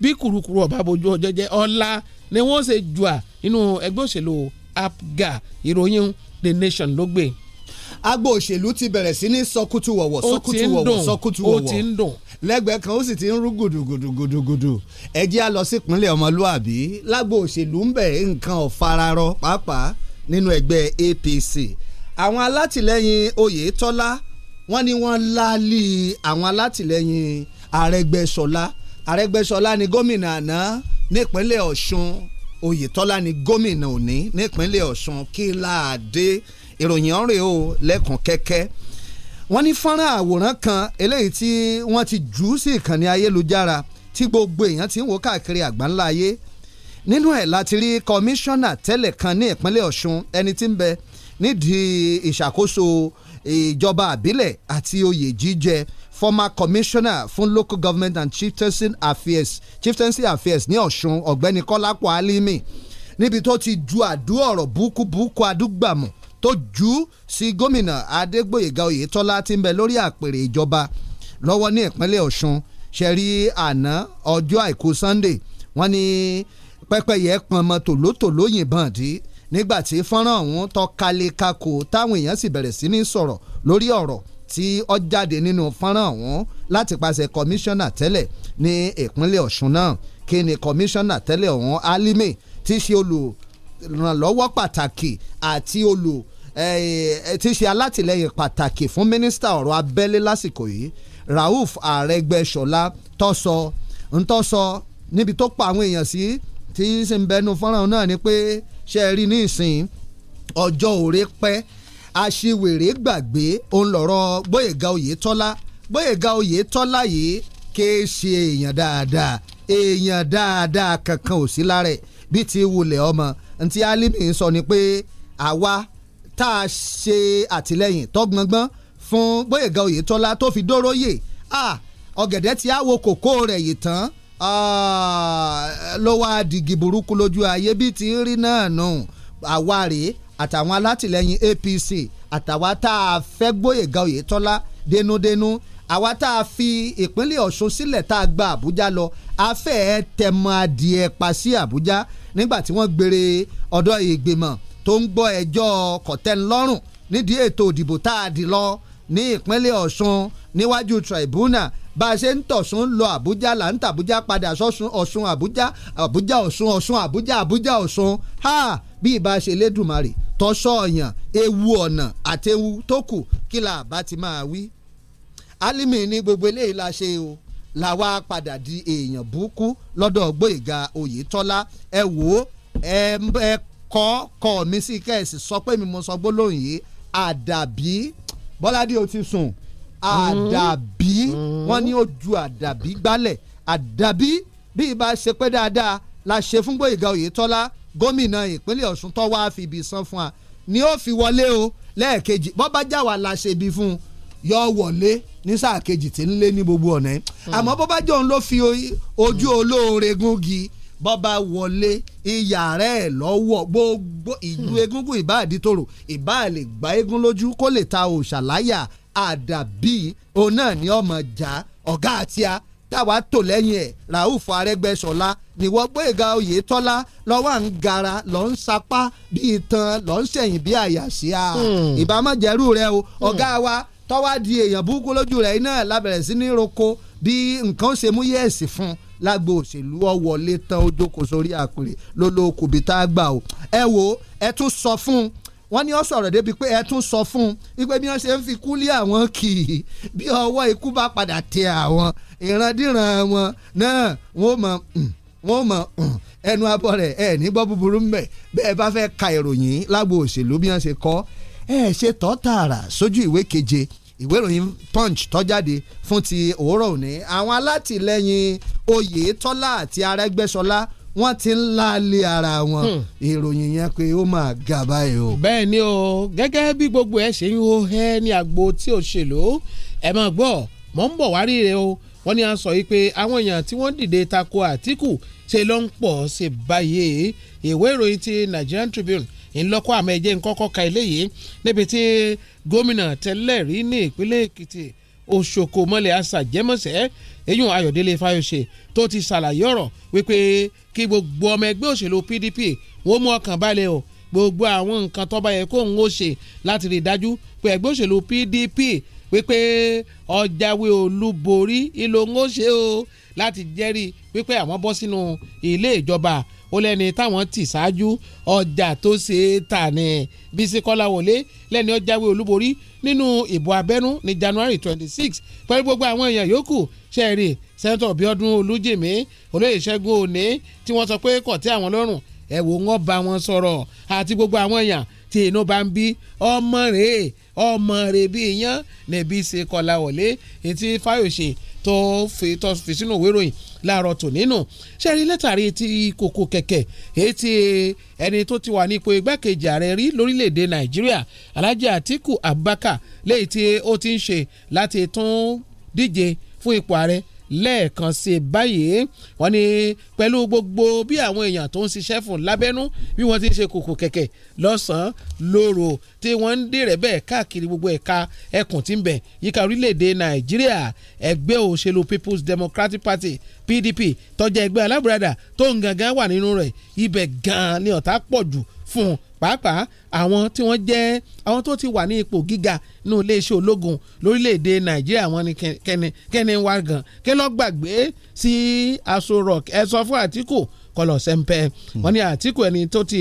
bí kùrukùru ọ̀bá bojú ọjọ́ jẹ́ ọ̀la ni wọ́n ṣe jù à nínú ẹgbẹ́ òṣèlú APGA ìròyìn The Nation ló gbé agbo òṣèlú ti bẹ̀rẹ̀ sí ní sọkútù wọ̀wọ̀ sọkútù wọ̀wọ̀ sọkútù wọ̀wọ̀ ó ti ń dùn lẹ́gbẹ̀ẹ́ kan ó sì ti ń rú gùdùgùdùgùdù ẹ jẹ́ a lọ sí ìpínlẹ̀ ọmọlúàbí lágbo òṣèlú ń bẹ̀ nǹkan ọ̀fararọ pàápàá nínú ẹgbẹ́ APC àwọn alátìlẹyìn Oyètọ́lá wọ́n ní wọ́n láálí àwọn alátìlẹyìn Arẹ́gbẹ́ṣọlá Arẹ́gbẹ́ṣọlá ni gómìnà àná nípínlẹ̀ Ọ̀ṣun Oyètọ́lá ni gómìnà òní nípínlẹ̀ Ọ̀ṣun kí ìròyìn ọ̀rẹ́ o lẹ́kàn kẹ́kẹ́ wọ́n ní fọ́nrán àwòrán kan eléyìí tí wọ́n ti jù ú sí ìkànnì ayélujára tí gbogbo èèyàn ti ń wo káàkiri àgbáńlá ayé nínú ẹ̀ láti rí kọmíṣánná tẹ́lẹ̀ kan ní ìpínlẹ̀ Ọ̀ṣun ẹni tí ń bẹ nídìí ìṣàkóso ìjọba àbílẹ̀ àti oyè jíjẹ former commissioner fún local government and chieftaincy affairs chieftaincy affairs ní Ọ̀ṣun ọ̀gbẹ́ni Kọ́lápọ̀ Alimi níbi tó ti ju àdúrà ọ̀rọ̀ búkúbúkú adúgbàmù tó jù ú sí gómìnà Adégbóyèga Oyètọ́lá tí ń bẹ lórí àpèrè ìjọba lọ́wọ́ ní ìpínlẹ̀ Ọ̀ṣun ṣẹ̀rí àná ọjọ́ àìkú Sunday wọ́n ní pẹ́pẹ́yẹ pọnmọ tòlótòló yìnbọn dí nígbà tí fọ́nrán ọ̀hún tó kalekako táwọn èèyàn sì bẹ̀rẹ̀ sí ní sọ̀rọ̀ lórí ọ̀rọ̀ tí ó jáde nínú fọ́nrán ọ̀hún láti pàṣẹ kọmíṣánná tẹ́lẹ̀ ní ìpínlẹ̀ Ọ̀ṣun náà kí ni kọmíṣánná tẹ́lẹ̀ ọ̀hún Alime tí í ṣe olùrànlọ́wọ́ pàtàkì àti olùrànlọ́wọ́ Eh, eh, ti ṣe alátìlẹyìn pàtàkì fún mínísítà ọ̀rọ̀ abẹ́lé lásìkò yìí Rauf Arẹ́gbẹ́ṣọlá tọ́sọ ntọ́sọ níbi tó pa àwọn èèyàn sí tí sì ń bẹnu fọ́nrán náà ni pé ṣe é rí ní ìsìn ọjọ́ òre pẹ́ aṣiwèrè gbàgbé òun lọ̀rọ̀ Gbóyèga Oyètọ́lá Gbóyèga Oyètọ́lá yìí kèé ṣe èèyàn dáadáa èèyàn dáadáa kankan ò sí lára ẹ̀ bíi ti wulẹ̀ ọmọ ntí Alimi sọ ni pé àwa tá a ṣe àtìlẹ́yìn tọ́gbọ̀ngbọ́n fún Gbóyèga Oyètọ́lá tó fi dóróyè ọ̀gẹ̀dẹ̀ tí a wo kòkó rẹ̀ yìí tán ló wá dìgì burúkú lójú ayé bí ti ń rí náà nù àwárí àtàwọn alátìlẹ́yìn APC àtàwa tá a fẹ́ Gbóyèga Oyètọ́lá dénúdénú àwa tá a fi ìpínlẹ̀ Ọ̀ṣun sílẹ̀ tá a gba Àbújá lọ a fẹ́ tẹ̀mọ́ adìẹ pa sí Àbújá nígbà tí wọ́n gbére ọ̀dọ̀ ìgbìmọ̀ tó ń gbọ́ ẹjọ́ kọ̀tẹ́nlọ́rùn nídìí ètò ìdìbò tá a dì lọ ní ìpínlẹ̀ Ọ̀ṣun níwájú tribunal bá a ṣe ń tọ̀sùn lọ Àbújá là ń tàbújá padà sọ́sùn Ọ̀ṣun Àbújá Àbújá Ọ̀ṣun Ọ̀ṣun Àbújá Àbújá Ọ̀ṣun ha bí ìbá ṣe lédùmarè tọ́sọ̀ ọ̀yàn ewu ọ̀nà àtẹwu tó kù kí la bá ti máa wí. Alimi ní gbogbo eléyìí la ṣe o làwa padà di èèyàn burúkú lọ́dọ̀ Gbóyèga Oyètọ́lá ẹ wò ó ẹ kọ́ kọ́ mi sí kẹ́ẹ̀sì sọ pé mi mo sọ gbólóhùn yìí àdàbí bọ́ládé o ti sùn àdàbí mm-hmm. wọ́n ní ó ju àdàbí gbálẹ̀ àdàbí bí ibà ṣe pé dáadáa la ṣe fún Gbóyèga Oyètọ́lá gómìnà ìpínlẹ̀ Ọ̀ṣun tó wá fi ibi san fún wa ni ó fi wọlé o lẹ́ẹ̀kejì bọ́bá jáwa la ṣe ibi fún un yọ wọlé ní sáà kejì tí ń lé ní gbogbo ọ̀nà yìí mm. àmọ́ bọ́bá jọ̀hún ló fi ojú olóore gúngi bọ́ba wọlé ìyá rẹ̀ lọ́wọ́ gbogbo ìlú hmm. egúngún ìbáàdì tòrò ìbáàlè gba egún lójú kó lè ta òṣàláyà àdàbí òun náà ni ọmọ jà ọ̀gá àti a táwa tò lẹ́yìn ẹ̀ Rauf Arẹ́gbẹ́ṣọlá nìwọ Gbóyèga Oyètọ́lá lọ́wọ́ à ń gara lọ́ ń sapá bí itan lọ́ ń sẹ̀yìn bí àyàsí a hmm. ìbámọ̀jẹ̀rú rẹ o hmm. ọ̀gá wa tọ́wá di èèyàn búkú lójú rẹ̀ iná lábẹ̀rẹ̀ sí ní roko bí nǹkan ṣe mú yẹ̀ẹ̀sì fún un lágbo òṣèlú ó wọlé tán ó jókòó sórí àpèrè lólókù bí tá a gbà o ẹ wo ẹ tún sọ fún un wọ́n ní ó sọ̀rọ̀ débi pé ẹ tún sọ fún un wípé bí wọ́n ṣe ń fi kúlé àwọn kì í bí ọwọ́ ikú bá padà tẹ àwọn ìrandíran wọn náà wọ́n mọ̀ mm, wọ́n mọ̀ mm, ẹnu abọ́ rẹ̀ ẹ̀ ní gbọ́ búburú ń bẹ̀ bá fẹ́ ka ìròyìn lágbo òṣèlú bí wọ́n ṣe kọ́ ẹ̀ ṣe tọ́ tààrà sójú ìwé keje ìwé ìròyìn punch tó jáde fún ti òwúrọ̀ òní àwọn alátìlẹyìn Oyètọ́lá àti Arẹ́gbẹ́ṣọlá wọ́n ti ń láàlẹ́ ara wọn hmm. ìròyìn yẹn pé ó máa ga báyìí o. bẹ́ẹ̀ ni o gẹ́gẹ́ bí gbogbo ẹ̀ ṣe ń hó ẹ́ ní agbo tí òṣèlú ẹ̀ máa gbọ́ mọ̀ ń bọ̀ wá rí rẹ o wọ́n ní a sọ yìí pé àwọn èèyàn tí wọ́n dìde tako Àtíkù ṣe ló ń pọ̀ ṣe báyìí ìwé ìròyìn ti Nigerian Tribune ńlọ́kọ́ àmọ́ ẹ̀jẹ̀ ńkọ́kọ́ ka eléyìí níbi tí gómìnà tẹ́lẹ̀ rí ní ìpínlẹ̀ Èkìtì Òṣòkò mọ́lẹ̀ àṣàjẹmọ́sẹ́ eyín Ayọ̀délé Fáyọ̀ṣe tó ti ṣàlàyé ọ̀rọ̀ wípé kí gbogbo ọmọ ẹgbẹ́ òṣèlú PDP wọ́n mú ọkàn balẹ̀ o gbogbo àwọn nǹkan tó bá yẹ kó ń ṣe láti rí dájú pé ẹgbẹ́ òṣèlú PDP wípé ọjàwé olúborí ìlò ń ó ṣe o láti jẹ́rìí wípé àwọn bọ́ sínú ilé ìjọba ó lẹ́ni táwọn tì ṣáájú ọjà tó ṣe é tà ní Bísí Kọ́láwọlé lẹ́ni ó jáwé olúborí nínú ìbò abẹ́nú ní January twenty six pẹ̀lú gbogbo àwọn èèyàn yòókù ṣẹ́ẹ̀rì sẹ́ńtọ̀ Bíọ́dún Olújìmí olóyè Ṣẹ́gun Òní tí wọ́n sọ pé kò tẹ́ àwọn lọ́rùn ẹ̀ wò wọ́n bá wọn sọ̀rọ̀ àti gbogbo àwọn èèyàn tí inú bá ń bí ọmọ rèé ọmọ rèé bíi yán níbi ṣe Kọ́láwọlé etí Fáyọ̀ṣe tó fi sínú ìwé ìròyìn láàárọ̀ tò nínú ṣe rí látàrí ti kòkò kẹ̀kẹ́ èyí ti ẹni tó ti wà ní ipò igbákejì ààrẹ rí lórílẹ̀‐èdè nàìjíríà alhaji atiku abubakar léyìí tí ó ti ń ṣe láti tún díje fún ipò ààrẹ lẹ́ẹ̀kan sí i báyìí wọ́n ní pẹ̀lú gbogbo bí àwọn èèyàn tó ń ṣiṣẹ́ fún lábẹ́nú bí wọ́n ti ń ṣe kòkò kẹ̀kẹ́ lọ́sàn-án lóru tí wọ́n ń dèrè bẹ́ẹ̀ káàkiri gbogbo ẹ̀ka ẹkùn tí ń bẹ yíká orílẹ̀-èdè nàìjíríà ẹgbẹ́ òṣèlú People's Democratic Party PDP tó jẹ́ ẹgbẹ́ alábùradà tó ń gangan wà nínú rẹ̀ ibẹ̀ gan-an ni ọ̀tá pọ̀ jù fún un pàápàá àwọn tí wọ́n jẹ́ àwọn tó ti wà ní ipò gíga nínú iléeṣẹ́ ológun lórílẹ̀‐èdè nàìjíríà wọn ni kẹ́ni kẹ́ni wá gan kí ló gbàgbé sí Aso Rock ẹ sọ fún Àtíkù kọlọ̀ sẹ́ńpẹ́ hmm. wọ́n ní Àtíkù ẹni tó ti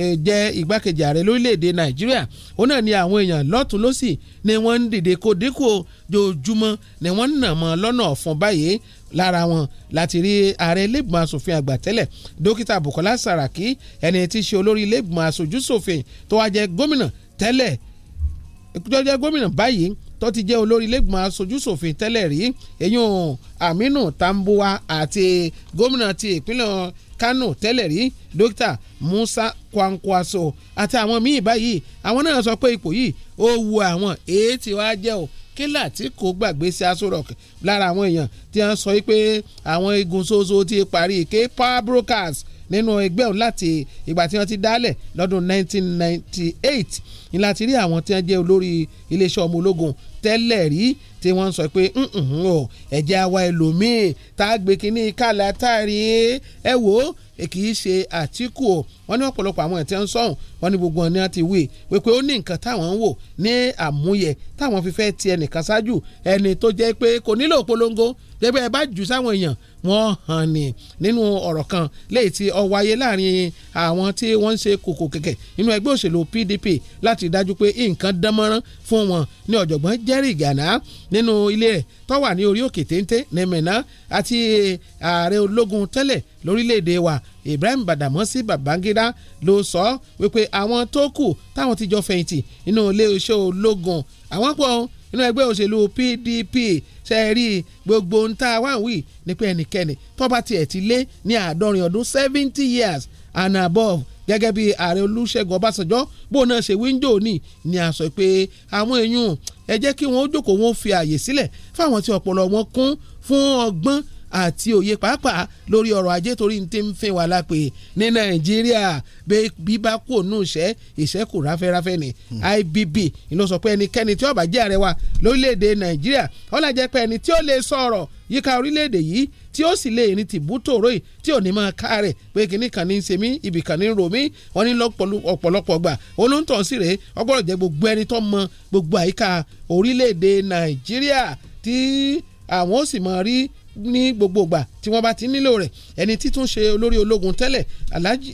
e, jẹ́ igbákejì ààrẹ lórílẹ̀ Nàìjíríà òun náà ni àwọn èèyàn lọ́tún lọ́sì ni wọ́n ń dìde kó dínkù ojoojúmọ́ ni wọ́n ń nà mọ́ lọ́nà ọ̀fun báyìí lára wọn láti rí ààrẹ ilégbìmọ̀ asòfin àgbà tẹ́lẹ̀ dókítà Bukola Saraki ẹni tí í ṣe olórí ilégbìmọ̀ asòjúṣòfin tó wá jẹ́ gómìnà tẹ́lẹ̀ tó jẹ́ gómìnà báyìí tó ti jẹ́ olórí ilégbìmọ̀ asojúṣòfin tẹ́lẹ̀ rí eyín Aminu Tambuwa àti gómìnà ti ìpínlẹ̀ Kano tẹ́lẹ̀ rí dókítà Musa Kwankwaso àti àwọn míì báyìí àwọn náà sọ pé ipò yìí ó wu àwọn èyí tí wàá jẹ́ o kílà tí kò gbàgbé sí Aso Rock lára àwọn èèyàn tí wọ́n sọ pé àwọn igun soso ti parí ké power brokers nínú ẹgbẹ́ òun láti ìgbà tí wọ́n ti dálẹ̀ lọ́dún 1998 ni láti rí àwọn tí wọ́n jẹ́ olórí iléeṣẹ́ ọmọ ológun tẹ́lẹ̀ rí tí wọ́n ń sọ pé mm, mm, mm, o ẹ̀jẹ̀ àwa ẹlòmíì tá a gbé kínní kàlà táàrí ẹ wò ó e kì í ṣe Àtíkù o wọ́n ní ọ̀pọ̀lọpọ̀ àwọn ẹ̀tẹ́ ń sọ̀hún wọ́n ní gbogbo ọ̀nà ti wí wípé ó ní nǹkan táwọn ń wò ní àmúyẹ táwọn fi ti ẹnìkan ṣáájú ẹni tó jẹ́ pé kò nílò polongo jẹ́ pé ẹ bá jù sáwọn èèyàn wọ́n hàn ní nínú ọ̀rọ̀ kan léyìí tí ó wáyé láàrin àwọn tí wọ́n ń ṣe kòkò kẹ̀kẹ́ nínú ẹgbẹ́ òṣèlú PDP láti dájú pé nǹkan dánmọ́rán fún wọn ní ọ̀jọ̀gbọ́n Jerry Gana nínú ilé rẹ̀ tó wà ní orí òkè téńté ní Mẹ̀nà àti ààrẹ ológun tẹ́lẹ̀ lórílẹ̀‐èdè wa Ibrahim Badamasi Babangida ló sọ wípé àwọn tó kù táwọn ti jọ fẹ̀yìntì nínú ilé iṣẹ́ ológun àwọn pọ̀ inú ẹgbẹ́ òṣèlú PDP ṣe rí gbogbo ń tá a wá wí ní pé ẹnikẹ́ni tó bá tiẹ̀ ti lé ní àádọ́rin ọdún seventy years and above gẹ́gẹ́ bí ààrẹ Olúṣẹ́gun Ọbásanjọ́ bó náà ṣe wíńdò ní ni a sọ pé àwọn èèyàn ẹ jẹ́ kí wọ́n jókòó wọn fi ààyè sílẹ̀ fáwọn tí ọpọlọ wọn kún fún ọgbọ́n àti òye pàápàá lórí ọrọ̀ ajé torí ti ń fin wà lápè ní nàìjíríà bíbá kú ònú ìṣẹ́ ìṣẹ́ kò ráfẹ́ráfẹ́ ni hmm. IBB ló sọ pé ẹnikẹ́ni tí ó bá jẹ́ ààrẹ wa lórílẹ̀‐èdè nàìjíríà ó lájẹ́ pé ẹni tí ó lè sọ̀rọ̀ yíká orílẹ̀‐èdè yìí tí ó sì lè rìn tìbú tòró yìí tí ò ní máa ká rẹ̀ pé kìnnì kan ní í ṣe mí ibì kan ní í ro mí wọn ní ọ̀pọ̀lọpọ̀ gbà olóńtọ̀ sí rèé ọgbọ́dọ̀ jẹ́ gbogbo ẹni tó mọ gbogbo àyíká orílẹ̀‐èdè nàìjíríà tí àwọn ó sì mọ rí ní gbogbo ìgbà tí wọ́n bá ti nílò rẹ̀ ẹni tí tún ṣe olórí ológun tẹ́lẹ̀ alhaji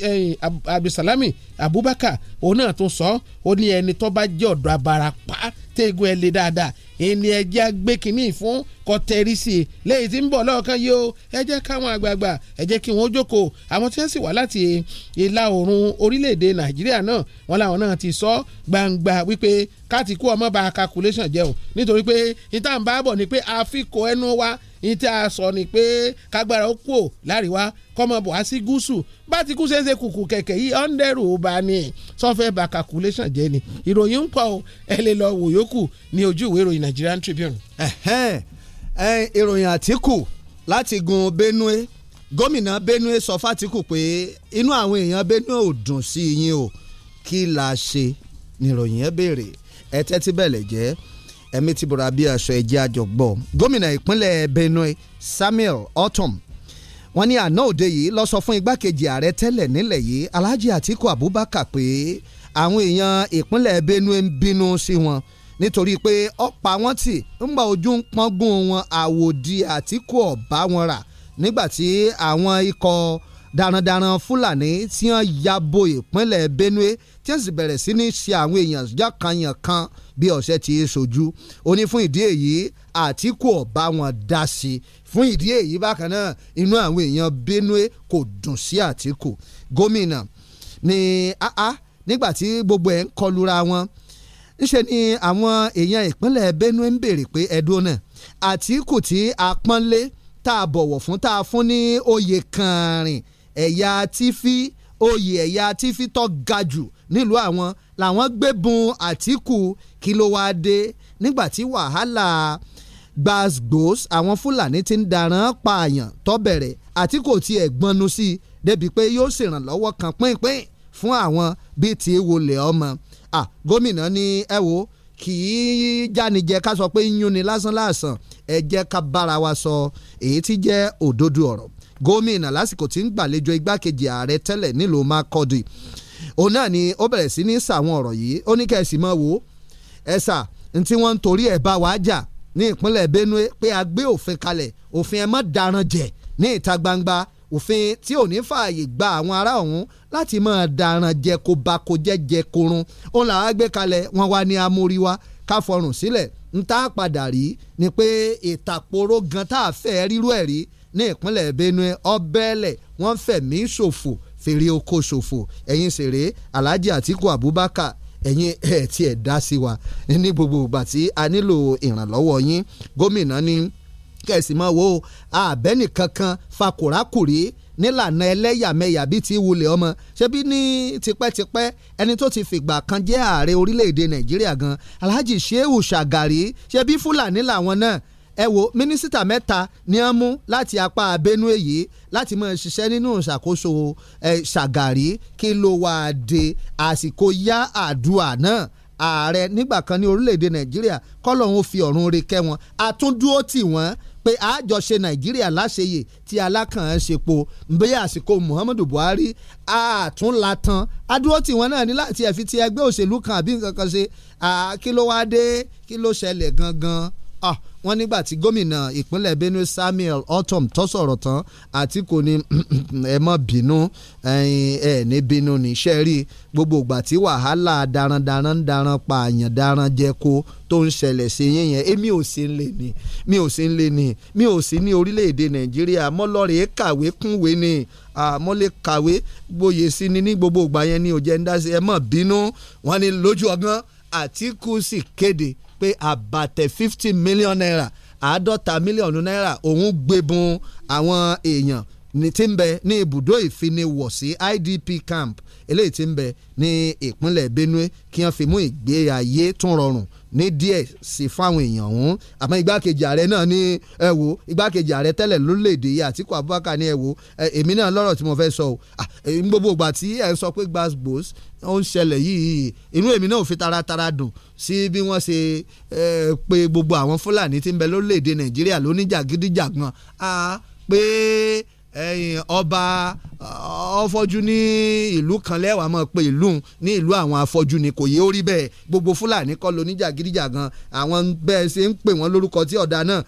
abdulsalami abubakar òun náà tún sọ ó ní ẹni tó bá jẹ́ ọ̀dọ́ abarapá tẹ́gun ẹ̀ lé dáadáa ẹni ẹjẹ́ gbé kínní fún kọtẹ́rì sí i lẹ́yìn tí ń bọ̀ lọ́ọ̀kan yìí ó ẹ jẹ́ káwọn àgbààgbà ẹ jẹ́ kí wọ́n jókòó àwọn tí wọ́n sì wá láti ìlà oòrùn orílẹ̀-èdè nàìjíríà náà wọn làwọn náà ti sọ gbangba wípé káàtì kú ọmọ bá calculation jẹun nítorí pé ìtàn bá bọ̀ ni pé àfikò ẹnu wa yìí tí a sọ ni pé kágbára ó kú ò láríwá kọ́mọ bọ̀ á sí gúúsù bá ti kú ṣeéṣe kùkù kẹ̀kẹ́ yìí ọ́ndẹ̀rù ó bá ní sọ́fẹ́ bá calculation jẹ́ ni ìròyìn ń kọ́ ẹ lè lọ wò yókù ní ojú ìwé ìròyìn Nigerian Tribune. ìròyìn Àtíkù láti gun Benue gómìnà Benue sọ f'Àtíkù pé inú àwọn èèyàn Benue ò dùn sí yín o kí la ṣe níròyìn ẹ béèrè ẹ tẹ́tí bẹ̀lẹ̀ jẹ́ ẹ̀mí ti bọ̀rọ̀ àbí aṣọ ẹ̀jẹ̀ àjọgbọ́ gómìnà ìpínlẹ̀ Benue Samuel Ortom wọ́n ní àná òde yìí lọ sọ fún igbákejì ààrẹ tẹ́lẹ̀ nílẹ̀ yìí Alhaji Atiku Abubakar pé àwọn èèyàn ìpínlẹ̀ Benue ń bínú sí wọn nítorí pé ọ̀pá wọn tì ń gba ojú ń pọ́ngún wọn àwòdì Atiku ọ̀bá wọn rà nígbà tí àwọn ikọ̀ darandaran Fúlàní tí wọ́n ya bo ìpínlẹ̀ Benue tí wọ́n sì bẹ̀rẹ̀ sí ní ṣe àwọn èèyàn jákanyàn kan, yankan, bí ọ̀sẹ̀ ti sojú ó ní fún ìdí èyí Àtíkù ọ̀bá wọn dá sí i fún ìdí èyí bákan náà inú àwọn èèyàn Benue kò dùn sí Àtíkù gómìnà ní áá nígbà tí gbogbo ẹ̀ ń kọlura wọn ńṣe ni àwọn èèyàn ìpínlẹ̀ Benue ń béèrè pé ẹ̀dùn náà Àtíkù tí a pọ́nlé tá a bọ̀wọ̀ fún tá a fún ní oyè kànrin ẹ̀yà tífí oyè ẹ̀yà tífí tó ga jù nílùú àwọn làwọn gbébùn Àtíkù kí ló wáá dé nígbà tí wàhálà gbàgbós àwọn Fúlàní ti ń darán pààyàn tó bẹ̀rẹ̀ Àtíkù ti ẹ̀ gbọ́nnu sí i débi pé yóò ṣèrànlọ́wọ́ kan pínpín fún àwọn bíi ti wọlé ọmọ ah gómìnà ní ẹ wo kì í jánijẹ ká sọ pé yún ni lásán lásán ẹ jẹ́ ká bára wa sọ èyí tí jẹ́ òdodo ọ̀rọ̀ gómìnà lásìkò tí ń gbàlejò igbákejì ààrẹ tẹ́lẹ̀ nílùú Makurdi òun náà ni ó bẹ̀rẹ̀ sí ní sàwọn ọ̀rọ̀ yìí ó ní kẹ́sì mọ́ wo ẹ̀sà tí wọ́n ń torí ẹ̀ bá wàá jà ní ìpínlẹ̀ Benue pé a gbé òfin kalẹ̀ òfin ẹ̀ mọ́ daran jẹ̀ ní ìta gbangba òfin tí ò ní fààyè gba àwọn ará ọ̀hún láti máa daran jẹ kó ba kó jẹjẹ korun òun làwọn gbé kalẹ̀ wọn wá ní amóríwá ká fọrùn sílẹ̀ ń tá a padà rí ni pé ìtàporó gan tá a fẹ́ rírú ẹ̀ rí ní ìpínlẹ̀ Benue ọbẹ̀lẹ̀ wọ́n fẹ̀mí ṣòfò fèrè oko ṣòfò ẹ̀yin sèré Alhaji Atiku Abubakar ẹ̀yin ẹ̀ tí ẹ̀ dá sí wa ní gbogbo ìgbà tí a nílò ìrànlọ́wọ́ yín gómìnà ní kẹ̀sì mọ́ wo àbẹ́nì kankan fakùrákùrí nílànà ẹlẹ́yàmẹ̀yà bíi ti wulẹ̀ ọmọ ṣebí ní tipẹ́tipẹ́ ẹni tó ti fìgbà kan jẹ́ ààrẹ orílẹ̀-èdè Nàìjíríà gan Alhaji Shehu Shagari ṣebí Fúlàní làwọn náà ẹ wo mínísítà mẹ́ta ni wọ́n mú láti apá Benue yìí láti máa ṣiṣẹ́ nínú ìṣàkóso Ṣàgàrí kí ló wàá de àsìkò yá àdúrà náà ààrẹ nígbà kan ní orílẹ̀-èdè nàìjíríà kọ́lọ́hún fi ọ̀run re kẹ́ wọn àtúndúró tì wọ́n pé àjọṣe nàìjíríà láṣeyè tí alákàn ṣepo bí àsìkò muhammadu buhari àtúnlatan adúró tì wọ́n náà ní láti ẹ̀fi ti ẹgbẹ́ òṣèlú kan àbí nǹkan kan ṣe kí ló wá dé kí ló ṣẹlẹ̀ gangan wọ́n nígbà tí gómìnà ìpínlẹ̀ Benue Samuel Ortom tó sọ̀rọ̀ tán Àtíkù ní ẹ má bínú ẹ ní bínú níṣẹ́ rí gbogbo ìgbà tí wàhálà darandaran daran pààyàn daran jẹko tó ń ṣẹlẹ̀ sí yín yẹn èmi ò sí lè ní mi ò sí lè ní mi ò sí ní orílẹ̀-èdè Nàìjíríà mọ́lọ́rẹ̀ kàwé kúnwé ni àmọ́lé kàwé gboyè sí ni ní gbogbo ìgbà yẹn ni ò jẹ́ ń dá sí ẹ má bínú wọ́n ní lójú ọgán Àtíkù sì kéde pé àbàtẹ̀ fifty million naira àádọ́ta mílíọ̀nù náírà òun gbẹ̀bùn àwọn èèyàn ní ti ń bẹ ní ibùdó ìfiniwọ̀sí IDP camp eléyìí ti ń bẹ ní ìpínlẹ̀ Benue kí wọ́n fi mú ìgbé ayé tún rọrùn ní díẹ̀ sí fáwọn èèyàn ọ̀hún àmọ́ igbákejì ààrẹ náà ní ẹ wo igbákejì ààrẹ tẹ́lẹ̀ lórílẹ̀‐èdè yìí Àtíkù Abubakar ní ẹ wo èmi náà lọ́rọ̀ tí mo fẹ́ sọ o gbogbo ìgbà tí ẹ sọ pé gbàgbós ó ń ṣẹlẹ̀ yìí inú èmi náà ò fi taratara dùn sí bí wọ́n ṣe pe gbogbo àwọn Fúlàní tí ń bẹ lórílẹ̀‐èdè Nàìjíríà lóníjàgídíjàgan pé ọba ọfọjú ní ìlú kan lẹ́wàá mọ̀ pé ìlú ní ìlú àwọn afọjú ni kò yé ó rí bẹ́ẹ̀ gbogbo fúlàní kọ́ ló níjà gíríjà gan àwọn bẹ́ẹ̀ ṣe ń pè wọ́n lórúkọ tí ọ̀dà náà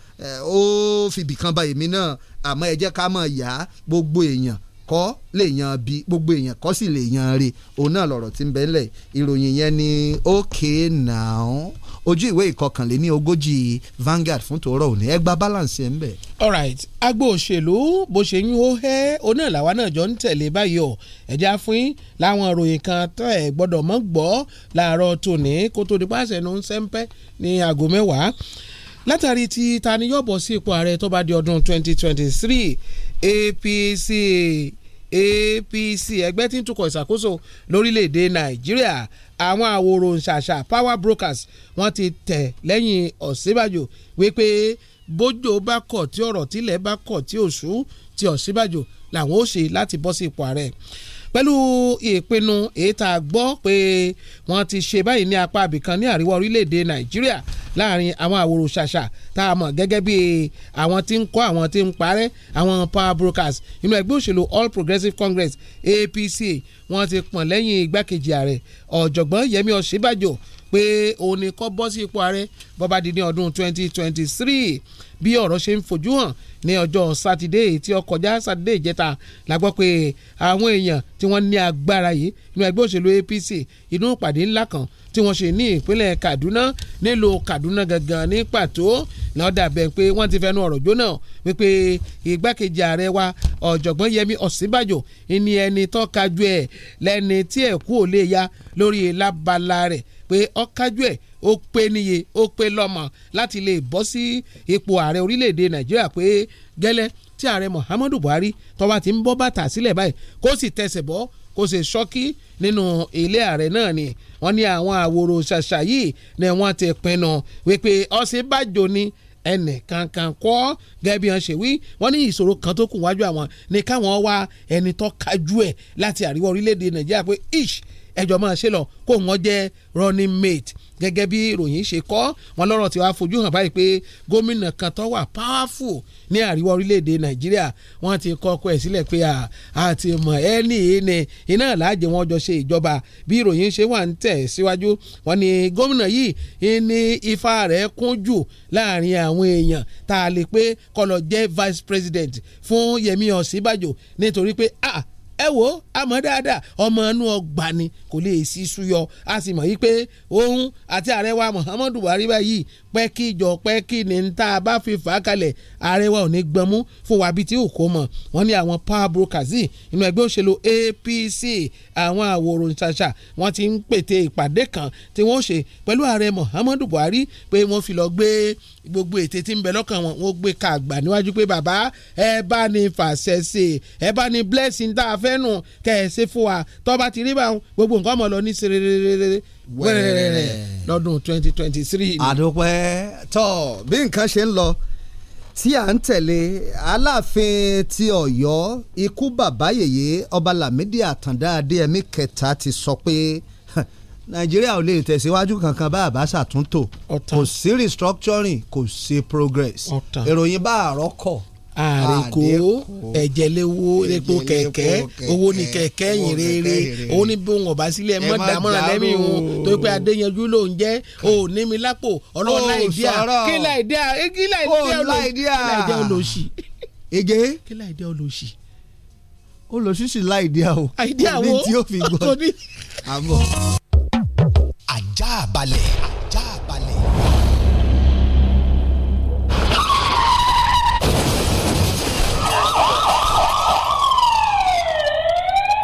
ó fìbì kan ba èmi náà àmọ́ ẹ jẹ́ ká mọ̀ yá gbogbo èèyàn kọ́ lè yan bí gbogbo èèyàn kọ́ sì lè yan re òun náà lọ̀rọ̀ tí ń bẹ́ẹ̀ lẹ̀ ìròyìn yẹn ni okay now ojú ìwé ìkọkànléní ogójì Vanguard fún tòórọ́ òní ẹ gba balance ẹ̀ ń bẹ̀. alright agbo òṣèlú bó ṣe yún ó hẹ́ oná làwa náà jọ ń tẹ̀lé báyìí o ẹ̀já fún yín láwọn ìròyìn kan tán ẹ̀ gbọ́dọ̀ mọ́ gbọ́ làárọ̀ tòní kó tó di pàṣẹ ní sẹ́ńpẹ́ ní aago mẹ́wàá látàrí ti taniyọ̀bọ̀ sí ipò ààrẹ tó bá di ọdún 2023 APC APC ẹgbẹ́ tí ń tukọ̀ ìṣàkóso lórílẹ̀‐èdè Nàìjíríà àwọn àwòrò ṣàṣà power brokers wọ́n ti tẹ̀ lẹ́yìn Ọ̀ṣínbàjò wípé bójò bá kọ̀ tí ọ̀rọ̀ tilẹ̀ bá kọ̀ tí òṣù ti Ọ̀ṣínbàjò làwọn ó ṣe láti bọ́ sí ipò ààrẹ pẹ̀lú ìpinnu èyí tá a gbọ́ pé wọ́n ti ṣe báyìí ní apá abìkan ní àríwá orílẹ̀-èdè nàìjíríà láàrin àwọn àwòrò ṣàṣà tá a mọ̀ gẹ́gẹ́ bí àwọn tí ń kọ́ àwọn tí ń parẹ́ àwọn power brokers inú ẹgbẹ́ òṣèlú All Progressives Congress APC wọ́n ti pọ̀n lẹ́yìn igbákejì ààrẹ ọ̀jọ̀gbọ́n Yẹmi Ọ̀ṣínbàjò pé òun ni kó bọ́ sí ipò ààrẹ bọ́ba di ní ọdún 2023 bí ọ̀rọ̀ ṣe ń fojú hàn ní ọjọ́ sátidé tí ó kọjá sátidé ìjẹta la gbọ́ pé àwọn èèyàn tí wọ́n ní agbára yìí inú ẹgbẹ́ òṣèlú APC inú ìpàdé ńlá kan tí wọ́n ṣe ní ìpínlẹ̀ Kaduna nílùú Kaduna gangan ní pàtó náà dàbẹ̀ pé wọ́n ti fẹnu ọ̀rọ̀ jóná wípé ìgbákejì ààrẹ wa ọ̀jọ̀gbọ́n Yẹmi Ọ̀sínbàjò ni ẹni tó kájú ẹ̀ lẹ́ni tí ẹ̀kú ò lè ya lórí lábala rẹ̀ pé ọ̀kájú ẹ̀ ó pé níye ó pé lọ́mọ láti lè bọ́ sí ipò ààrẹ orílẹ̀-èdè Nàìjíríà pé gẹ́lẹ́ tí ààrẹ Muhammadu Buhari tó ti ń bọ́ bàtà sílẹ̀ báyìí kó sì tẹsẹ̀ bọ́ kó ṣe ṣọ́kí nínú ilé ààrẹ náà ni wọ́n ní àwọn àwòrò ṣàṣà yìí ni wọ́n ti pinnu wípé Ọ̀ṣínbàjò ni ẹnì kankan kọ́ gẹ́gẹ́ bí wọ́n ṣe wí wọ́n ní ìṣòro kan tó kù wájú àwọn ni káwọn wá ẹni tó kájú ẹ̀ láti àríwá orílẹ̀-èdè Nàìjíríà pé ish ẹjọ́ máa ṣe lọ kó wọ́n jẹ́ running mate gẹ́gẹ́ bí ìròyìn ṣe kọ́ wọn lọ́rọ̀ tí wàá fojú hàn báyìí pé gómìnà kan tó wà powerful ní àríwá orílẹ̀-èdè nàìjíríà wọ́n ti kọ́ ọkọ ẹ̀ sílẹ̀ pé àti mọ̀ ẹ́ ní ìní iná làájẹ wọn jọ ṣe ìjọba bí ìròyìn ṣe wà ń tẹ̀ síwájú wọn ni gómìnà yìí ní ifá rẹ̀ kún jù láàrin àwọn èèyàn tá a lè pé kó lọ jẹ́ vice president fún yẹmi ọ̀sínbàjò nítorí pé ah ẹ wo àmọ́ dáadáa ọmọ inú ọgbà ni kò lè sí súyọ a sì mọ̀ yí pé òun àti ààrẹ wa Muhammadu Buhari báyìí pẹ́kí jọ pẹ́kí ní ń bá fi fà á kalẹ̀ ààrẹ wa ò ní gbọ́nmú fún wa bíi tí ò kó mọ̀ wọ́n ní àwọn power brokers yìí inú ẹgbẹ́ òṣèlú APC àwọn àwòrán ṣàṣà wọ́n ti ń pète ìpàdé kan tí wọ́n ṣe pẹ̀lú ààrẹ Muhammadu Buhari pé wọ́n fi lọ gbé gbogbo ète tí ń bẹ lọ́kàn wọn wọ́n gbé ka àgbà níwájú pé bàbá ẹ bá ní fàṣẹ ṣe ẹ bá ní blessing tá a fẹ́ nù kẹ̀ ẹ́ ṣe fún wa tọ́ bá ti rí báwọn gbogbo nǹkan mọ̀ lọ ní ṣe wẹ́rẹ́rẹ́ lọ́dún twenty twenty three. àdópẹ́ tọ́ bí nǹkan ṣe ń lọ tí à ń tẹ̀lé aláàfin ti ọ̀yọ́ ikú bàbá yèyé ọba lámìdí àtàndá adéyẹmí kẹta ti sọ pé nàìjíríà ò lè tẹ̀síwájú kankan bá àbá ṣàtúntò kò sí restructuring kò sí progress ìròyìn bá àrọ́kọ̀ àrèkó ẹ̀jẹ̀lẹ̀wò epo kẹ̀kẹ́ owó ni kẹ̀kẹ́ yìn rere owó ni bóun ọ̀bá sílẹ̀ ẹ̀ mọ́ dàmọ́ràn lẹ́mí wọn tó pé adéyanjú ló ń jẹ́ o ò ní mi lápò ọlọ́run láìdíà kí láìdíà kí láìdíà olóṣì. ege kí láìdíà olóṣì. olóṣì sì láìdíà o àìdíà wo kò ní tí ó fi gbọ́ àbọ̀. balẹ̀.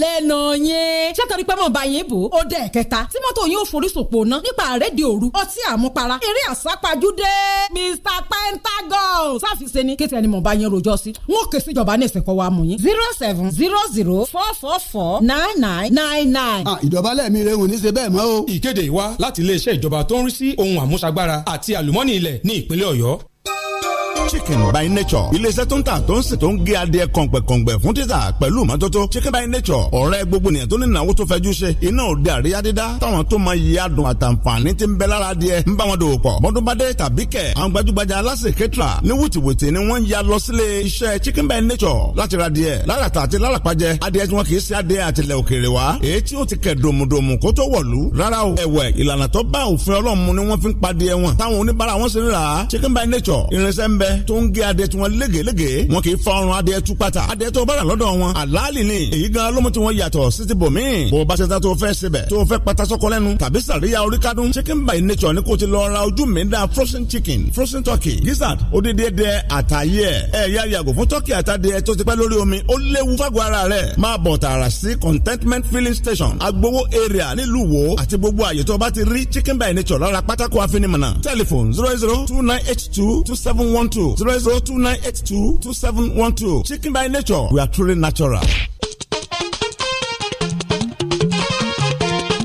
lẹ́nu yẹn ṣé torí pé mo bá yín bò ó dẹ̀ kẹta tí mọ́tò yín forísòpò ná nípa àrédè òru ọtí àmupara eré àsápajúdé Mr Pentagon sáfìsẹ́ ni kí tẹ́ni mo bá yín rojọ́ sí wọn kè síjọba ní ìsìnkú wa mú yín zero seven zero zero four four four nine nine nine nine. ìdọ̀bálẹ̀ mi rehun ní ṣe bẹ́ẹ̀ mọ́ o. ìkéde wa láti iléeṣẹ́ ìjọba tó ń rí sí ohun àmúṣagbára àti àlùmọ́nì ilẹ̀ ní ìpínlẹ̀ Ọ̀yọ́ chicken by nature iléeṣẹ́ tó ń tà tó ń sè tó ń gé adìẹ kọ̀ǹpẹ̀kọ̀ǹpẹ̀ fún títà pẹ̀lú mọ́tótó chicken by nature ọ̀rẹ́ gbogbo nìyẹn tó ní ìnáwó tó fẹ́jú ṣe iná òde àríyá dídá táwọn tó máa yí adùn àtàǹfààní tí ń bẹ lára adìẹ ń bá wọn dòwò pọ̀ bọ́dúnbádé tàbí kẹ̀ àwọn gbajúgbajà aláṣẹ kẹtìrà ní wùtìwùtì ni wọ́n ya lọ sílé iṣẹ́ chicken by nature láti ra adìẹ lálàtà àti lálàpàjẹ adìẹ tí wọn kì í ṣe adìẹ àtìlẹ̀ òkèèrè wa èyí tí ó ti kẹ̀ dòmùdòmù kó tó wọ̀lú rárá o ẹ̀wẹ̀ ìlànà tó bá òfin ọlọ́run ni chicken by nature irinṣẹ́ ń bẹ tó ń gé adìẹ tí wọ́n légelége wọn kì í fa ọrùn adìẹ tú pata adìẹ tó bára lọ́dọ̀ wọn àlàálì ni èyí gan ló mú tí wọ́n yàtọ̀ síti bò bó bá ṣe ta tó fẹ́ sebẹ̀ tó fẹ́ pata sọ́kọ lẹ́nu tàbí sàríya orí kádùn chicken by nature ni kò ti lọ ra ojú mi da frozen chicken frozen turkey gizzard odidi ẹdẹ àtàyè ẹ yá yàgò fún turkey àtàdé tó ti pẹ́ lórí omi ó léwu fágọ̀ ara rẹ̀ máa bọ̀ tààrà sí contentment filling station agbowó area nílùú wo àti gbogbo àyè tó bá ti rí chicken by nature lára pátákó àfinimọ̀nà telephone zero zero two nine eight two two seven one two zero zero two nine eight two two seven one two chicken by nature we are truly natural.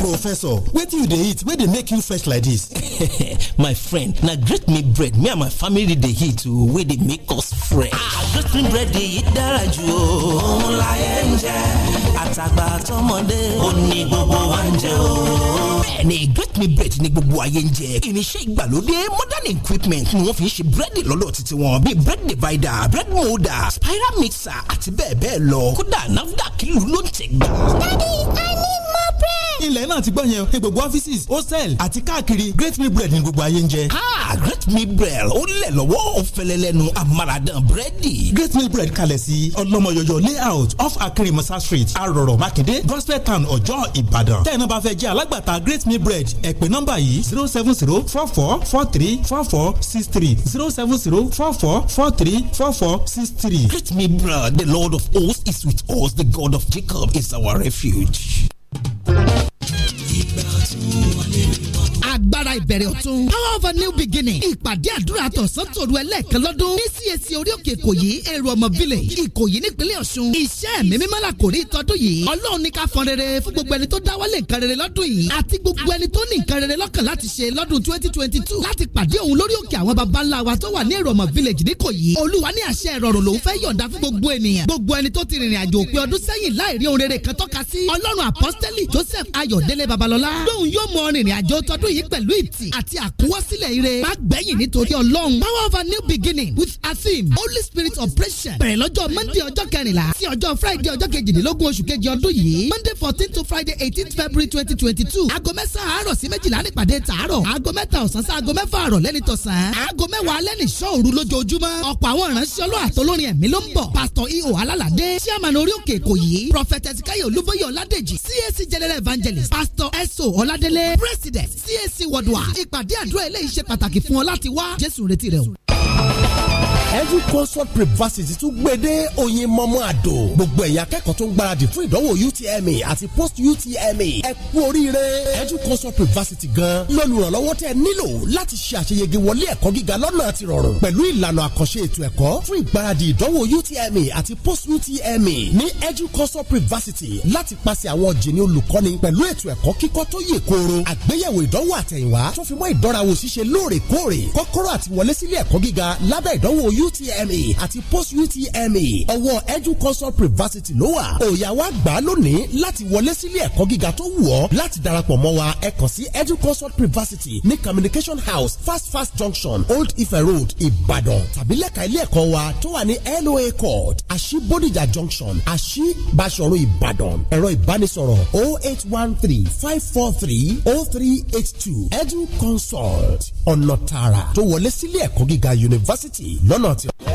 professor wetin you dey eat wey dey make you fresh like dis. my friend na great meat bread me and my family dey eat o oh, wey dey make us fresh. ah great meat bread dey eat dára jù o. Oh. òun la yẹ ń jẹ àtàgbà àtọmọdé ó ní gbogbo wa ń jẹ o. Oh. bẹ́ẹ̀ni great meat bread ni gbogbo ayé ń jẹ irinṣẹ́ ìgbàlódé modern equipment ni wọ́n fi ń ṣe búrẹ́dì lọ́dọ̀ títí wọn bíi bread divider bread molder spiral mixer àti bẹ́ẹ̀ bẹ́ẹ̀ lọ kódà nafdac lù ló ń tẹ̀ gbà. dadi i ilẹ̀ náà ti gbọ́ yẹn ní gbogbo offices hostel àti káàkiri great meal bread ní gbogbo ayé ń jẹ. great meal bread ó lẹ̀ lọ́wọ́ ó fẹlẹ̀ lẹ́nu amáradán búrẹ́dì. great meal bread kalẹ̀ sí ọlọ́mọyọyọ layout off akirimasa street arọ̀rọ̀ makinde gospel town ọjọ́ ìbàdàn. tẹ́ẹ̀ náà bá fẹ́ jẹ́ alágbàtà great meal bread ẹ pè nọ́mbà yìí zero seven zero four four four three four four six three zero seven zero four four four three four four six three. great meal bread the lord of hosts is with us the god of jacob is our refuge. ìgbà tún wọlé. agbára ìbẹ̀rẹ̀ ọ̀tun power of a new beginning ìpàdé àdúrà tọ̀sán tòru ẹlẹ́ẹ̀kan lọ́dún ní CAC orí òkè ìkòyí èrò ọmọ village ìkòyí nípínlẹ̀ ọ̀ṣun iṣẹ́ mi mímọ́ la kò rí ìtọ́dún yìí ọlọ́run ní ká fọn rere fún gbogbo ẹni tó dáwọ́lé nǹkan rere lọ́dún yìí àti gbogbo ẹni tó ní nǹkan rere lọ́kàn láti ṣe lọ́dún twenty twenty two láti pàdé òun lórí òkè àwọn baba ńlá wa tó wà ní èrò ọmọ village níkòyí olúwa ní àṣẹ ìrọ̀rùn lòún fẹ́ yọ̀ǹda fún gbogbo ènìyàn gbogbo ẹni tó ti rìnrìn àjò òpin ọdún sẹ́yìn láì rí ohun rere kan tọ́ka sí ọlọ́run àpọ́stẹ́lì joseph ayọ̀délé babalọ́lá lóun yóò mọ rìnrìn pẹ̀lú ìtì àti àkúwọ́sílẹ̀ ire má gbẹ̀yìn nítorí ọlọ́run power of a new beginning with asim holy spirit operation bẹ̀rẹ̀ lọ́jọ́ monday ọjọ́ kẹrìnlá sí ọjọ́ friday ọjọ́ kejìdínlógún oṣù kejì ọdún yìí monday fourteen to friday eighteen february twenty twenty two aago mẹ́sàn-án àárọ̀ sí méjìlá nípàdé tààrọ̀ aago mẹ́ta ọ̀sán sí aago mẹ́fà àrọ̀ lẹ́ni tọ̀sán aago mẹ́wàá lẹ́ni ìṣọ́ òru lójoojúmọ́ ọ̀pọ̀ àwọn ìránṣẹ́ ọlọ́ àtolórin ẹ̀mí ló ń bọ̀ pásítọ̀ iho e alálàdé chairman orí òkè èkó yìí prọfẹtẹ sikẹ́yọ̀ olúbóyè ọládèjì cac general evangelist pásítọ̀ ẹ̀sọ́ ọládélé president cac CAC Worldwide ìpàdé àdúrà eléyìí ṣe pàtàkì fún ọ láti wá Jésù retí rẹ o heavy consult privacy tún gbédé oyin mọ́mọ́ àdó gbogbo ẹ̀yà akẹ́kọ̀ọ́ tó ń gbáradì fún ìdánwò utme àti post utme ẹ kú oríire heavy consult privacy gan lọ́lùrànlọ́wọ́ tẹ́ nílò láti ṣe àṣeyege wọlé ẹ̀kọ́ gíga lọ́nà àti rọrùn pẹ̀lú ìlànà àkànṣe ètò ẹ̀kọ́ fún ìgbáradì ìdánwò utme àti post utme ní heavy consult privacy láti pàṣẹ àwọn jìnnì olùkọ́ni pẹ̀lú ètò ẹ̀kọ́ kíkọ́ tó yè kooro àgbéyẹ̀wò ìdánwò àtẹ̀yìnwá tó fi mọ́ ìdánrawò ṣíṣe lóòrèkóòrè kọ́kọ́rọ́ àtiwọlé sílé ẹ̀kọ́ gíga lábẹ́ ìdánwò UTME àti post UTME ọwọ́ Educonsult Privacy ló wà òòyà wa gbà á lónìí láti wọlé sílé ẹ̀kọ́ gíga tó wù ọ́ láti darapọ̀ mọ́ wa ẹ kàn sí Educonsult Privacy ní Communication House Fast Fast Junction Old Ife Road Ìbàdàn tàbí lẹ́ka ilé ẹ̀kọ́ wa tó wà ní LOA Court àṣì Bódìjà Junction àṣì Bàṣọ̀run Ìbàdàn ẹ̀rọ ìbánisọ̀rọ̀ 08135430382 Educonsult ọ̀nà tààrà tó wọlé sílé ẹ̀kọ́ gíga University lọ́nà What?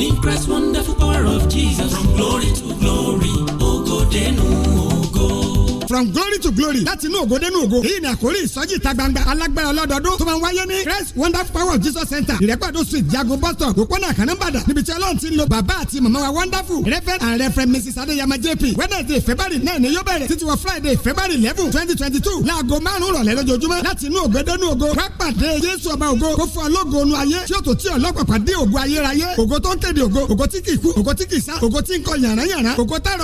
Impress wonderful power of Jesus from glory to glory ògo dẹnu o from glory to glory láti inú ògo dénú ògo èyí ni àkórí ìsọjí ìta gbangba alágbára ọlọ́dọọdún tó máa ń wáyé ní christ wonderful power of jesus center ìrẹ́pàdé street jago bus stop òpónà kànáńbàdà níbi tí ọlọ́run ti ń lo bàbá àti màmá wa wonderful reverend and reverend mrs adéyàmá jp wednesday february nine ni yóò bẹ̀rẹ̀ títí wọ friday february eleven twenty twenty two láago márùn-ún rọ̀lẹ́ lójoojúmọ́ láti inú ògo dénú ògo wá pàdé jésù ọba ògo kó fún ọlọ́gọ onú ayé tí ó tó tí ọlọ́pàá dé ògo ayérayé ògo tó ń kéde ògo ògo tí kì í kú ògo tí kì í sá ògo tí ń kọ yàrá yàrá ògo tá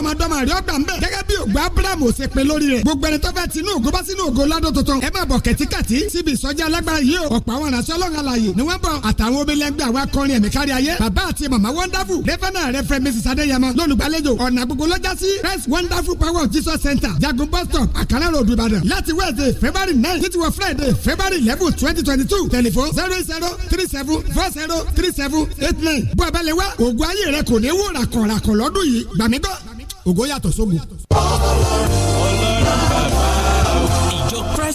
lórí rẹ̀ gbogbo ẹni tó fẹ́ tinú ògo bá sínú ògo lọ́dún tuntun ẹ máa bọ̀ kẹ̀tíkàtí síbi ìsọjí alágbára yìí o ọ̀pọ̀ àwọn aránṣẹ́ ọlọ́run alààyè ni wọ́n bọ̀ àtàwọn obìnrin àwọn akọrin ẹ̀mí kárí ayé bàbá àti màmá wonderful lẹ́fẹ̀nà rẹ̀ mrs adéyẹmọ lólùgbàlejò ọ̀nà gbogbo lọ́jà sí christ wonderful power jesus center jagun bus stop àkàrà road ìbàdàn láti wednesday february nine títí wọ friday february eleven twenty twenty two telephone zero zero three seven four zero three seven eight nine bó abẹ́lẹ̀ wá ògùn ayé rẹ kò ní wò ràkọ̀ràkọ̀ lọ́dún yìí gbàmígbọ́ ògo yàtọ̀ sógun.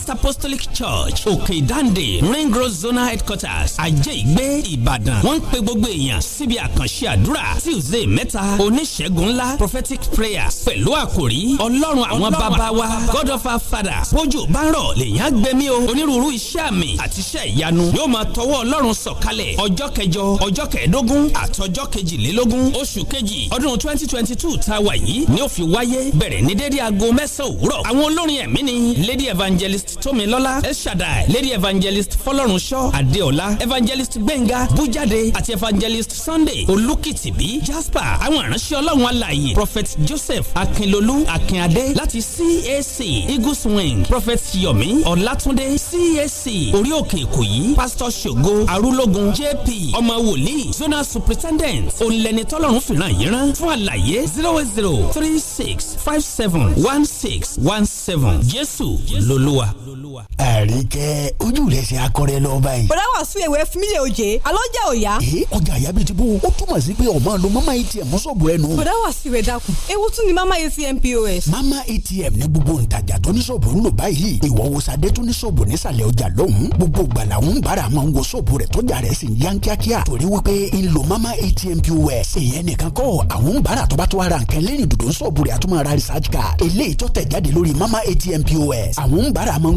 Christ Apostolic Church òkè Dande. ring road zonal headquarters ajé ìgbé Ìbàdàn wọ́n ń pe gbogbo èèyàn síbi àkànṣe àdúrà Tuesday mẹ́ta oníṣègùn ńlá prophetic prayers pẹ̀lú àkòrí ọlọ́run àwọn bàbá wa God of our fathers bójú bá ń rọ̀ lèèyàn gbẹ̀mí o onírúurú iṣẹ́ àmì àti iṣẹ́ ìyanu yóò máa tọwọ́ ọlọ́run sọ̀kalẹ̀ ọjọ́ kẹjọ ọjọ́ kẹẹ̀ẹ́dógún àtọjọ́ kejìlélógún oṣù kejì ọdún twenty twenty two tá wà yìí ni ó fi wáyé bẹ̀rẹ̀ ní dédé aago mẹ́sàn-án òwúrọ̀ àwọn olórin ẹ̀mí ni Lady Evangelist evangelist tómilọ́lá elshadai lady evangelist fọlọ́runṣọ́ Adeola, evangelist gbẹ̀ngà bújáde àti evangelist sunday olùkìtìbí jasper àwọn ìránṣẹ́ ọlọ́run alààyè prophet joseph akinlolú akínadé láti cac eagles wing prophet yomi ọlátúndé cac orí òkè ìkòyí pastor ṣògo arúlógún jp ọmọ wòlíì zonal superintendent olùlẹ́ni tọ́lọ́run fìràn yìí rán fún àlàyé zero zero three six five seven one six one seven jésù lolúwa lolúwa. àríkẹ́ ojú rẹ̀ ṣe akọrẹ lọ báyìí. bọ̀dá wà sún ewé fún mi lè oje alọ́ jẹ́ òya. ee ọjà àyà bíi ti bó o túmọ̀ sí pé ọmọ lo mama atm mọ́sọ̀bù ẹnu. bọ̀dá wà sí ìwé dàkún ewu tún ni mama atm pos. mama atm ní gbogbo ntajà tó ní sọ̀bù ń lò báyìí ìwọ wo sadé tó ní sọ̀bù nísàlẹ̀ ọjà lọ́hùn gbogbo gbala ń bára máa ń wo sọ̀bù rẹ̀ tọ́jà rẹ̀ sì ń yan kíákíá torí wípé mama atm pos èèyàn nìkan kọ́ àwọn ń bára tó bá tó ara nǹkan lẹ́yìn dòdò sọ̀bù rẹ̀ àtúmọ̀ ara research card eléyìí mama atm pos àwọn ń bára máa ń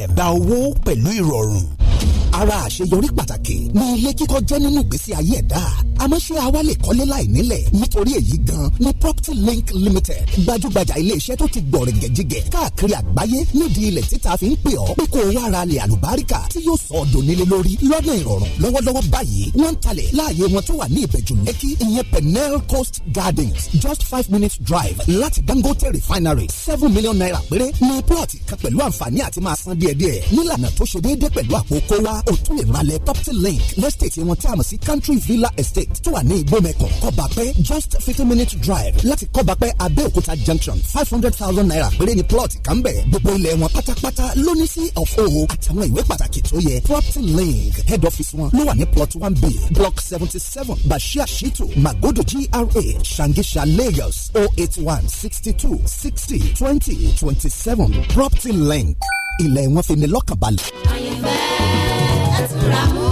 lẹ̀ gba owó pẹ̀lú ìrọ̀rùn ara àṣeyọrí pàtàkì ni ilé kíkọ́ jẹ́ nínú ìgbésí ayé ẹ̀dá àmọ́ ṣé àwa lè kọ́lé láì nílẹ̀ nítorí èyí gan ni property link limited gbajúgbajà iléeṣẹ́ tó ti gbọ̀rẹ̀ gẹ̀jígẹ̀ káàkiri àgbáyé nídìí ilẹ̀ títa fi ń pè ọ́ pé kó o wá ara lè àlùbáríkà tí yóò sọ ọ́ donílé lórí lọ́nà ìrọ̀rùn lọ́wọ́lọ́wọ́ báyìí wọ́n ń talẹ̀ láàyè wọn tó wà ní ìbẹ̀jù lẹ́kì ìyẹn Penel Coast Gardens just five minutes drive láti Dangote refinery seven million naira péré ní plot kan pẹ̀lú àǹfààní àti máa san díẹ̀ díẹ̀díẹ̀ nílànà tó ṣe déédé pẹ̀lú àpò kówá o tún lè máa property link lẹ́sítẹ̀tì wọn tí a mọ̀ sí country villa estate tó wà ní ìgbọ́mẹ̀kọ̀ kọ́bàpẹ́ just fifteen minute drive láti kọ́bàpẹ́ abẹ́òkúta junction five hundred thousand naira péré ni plot kan bẹ̀ gbogbo ilẹ̀ wọn pátápátá lóní sí ọ̀fọ̀ àtàwọn ìwé pàtàkì tó yẹ property link head office wọn ló wà ní plot one b block seventy seven bashir shitu magodo gra shangisha lagos oh eight one sixty two sixty twenty twenty seven property link ilẹ̀ wọn fi ni lọ́kànbalẹ̀. àyẹ̀fẹ́ ẹ̀ tún ra mú.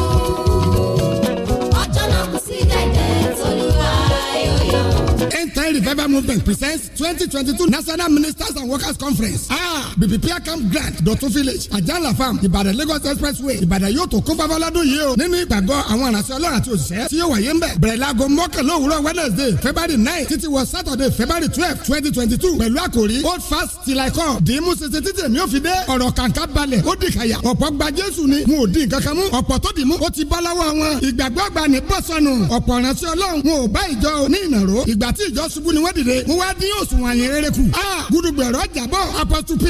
Nigeria Revival Movement presents 2022 National Ministers and Workers Conference. Ah, be prepare Camp Grant, Dotun Village, Ajala Farm, Ìbàdàn Lagos Expressway, Ìbàdàn yóò tó kún fáfá lọ́dún yìí o. Nínú ìgbàgbọ́ àwọn àràṣẹ ọlọ́run àti òṣìṣẹ́ tí yóò wáyé ń bẹ̀. Bẹ̀rẹ̀ láago mọ́kànlá òwúrọ̀ Wednesday February nine títí wọ Saturday February twelve twenty twenty two pẹ̀lú àkòrí hold fast till I come. Dìímú ṣinṣin títí èmi ò fi dé ọ̀rọ̀ kàǹkà balẹ̀ ó dì kàyà. Ọ̀pọ̀ gba Jésù ni mo ò di nǹkan kan mú. Ọ̀pọ̀ tó dì mú ó ti bá lọ́wọ́ wọn. Ìgbàgbọ́ gbani bọ̀ sọnù. Ọ̀pọ̀ ìrànṣẹ́ ọlọ́run mo ò bá ìjọ ní ìnàró ṣubú ni wọ́n dìde mo wá dín òṣùwọ̀n àyè rere kù. a gudugbẹ ọ̀rọ̀ jàbọ̀ apostle p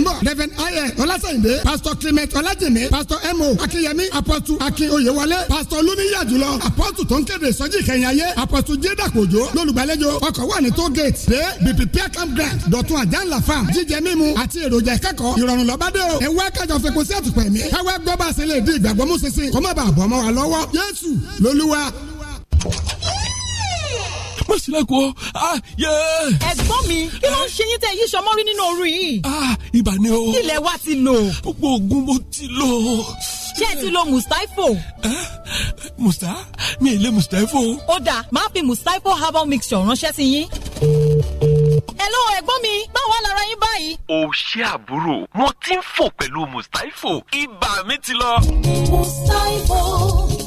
mbọ̀ reverend ayẹ ọlásẹ̀yìndé pastor clement ọlájẹmẹ pastor Emo, akínyẹmí apostle akin oyewale pastor lumiya jùlọ apostle tó ń kéde sọ́jí kẹyìn ayé apostle jédàkójó lólùgbàlejò ọkọ̀ wà ní toll gate dé bp pia campground dọ̀tun àjànlá farm jíjẹ mímu àti èròjà ìkẹ́kọ̀ọ́ ìrọ̀rùn lọ́bàdé o ẹ wá kájọ fipò sí àtùpẹ̀ mi káwá gbọ́ bá a ṣe lè di ìgbàgbọ́ mú má ṣílẹ̀kùn o yẹ. ẹ̀gbọ́n mi kí ló ń ṣe yín tẹ yí sọmọ́rí nínú òru yìí. Ah, ibà ni o. ilẹ̀ wa ti lò. gbogbo oògùn mo ti lò. ṣé ẹ ti lo mustapho. musta mi ì lé mustapho. ó dáa máa fi mustapho herbal mixture ránṣẹ́ sí yín. Hello ẹ̀gbọ́n mi, báwo lára yín báyìí? O ṣé àbúrò, wọ́n ti ń fò pẹ̀lú Mustapho. Ibà mi ti lọ. Mustapho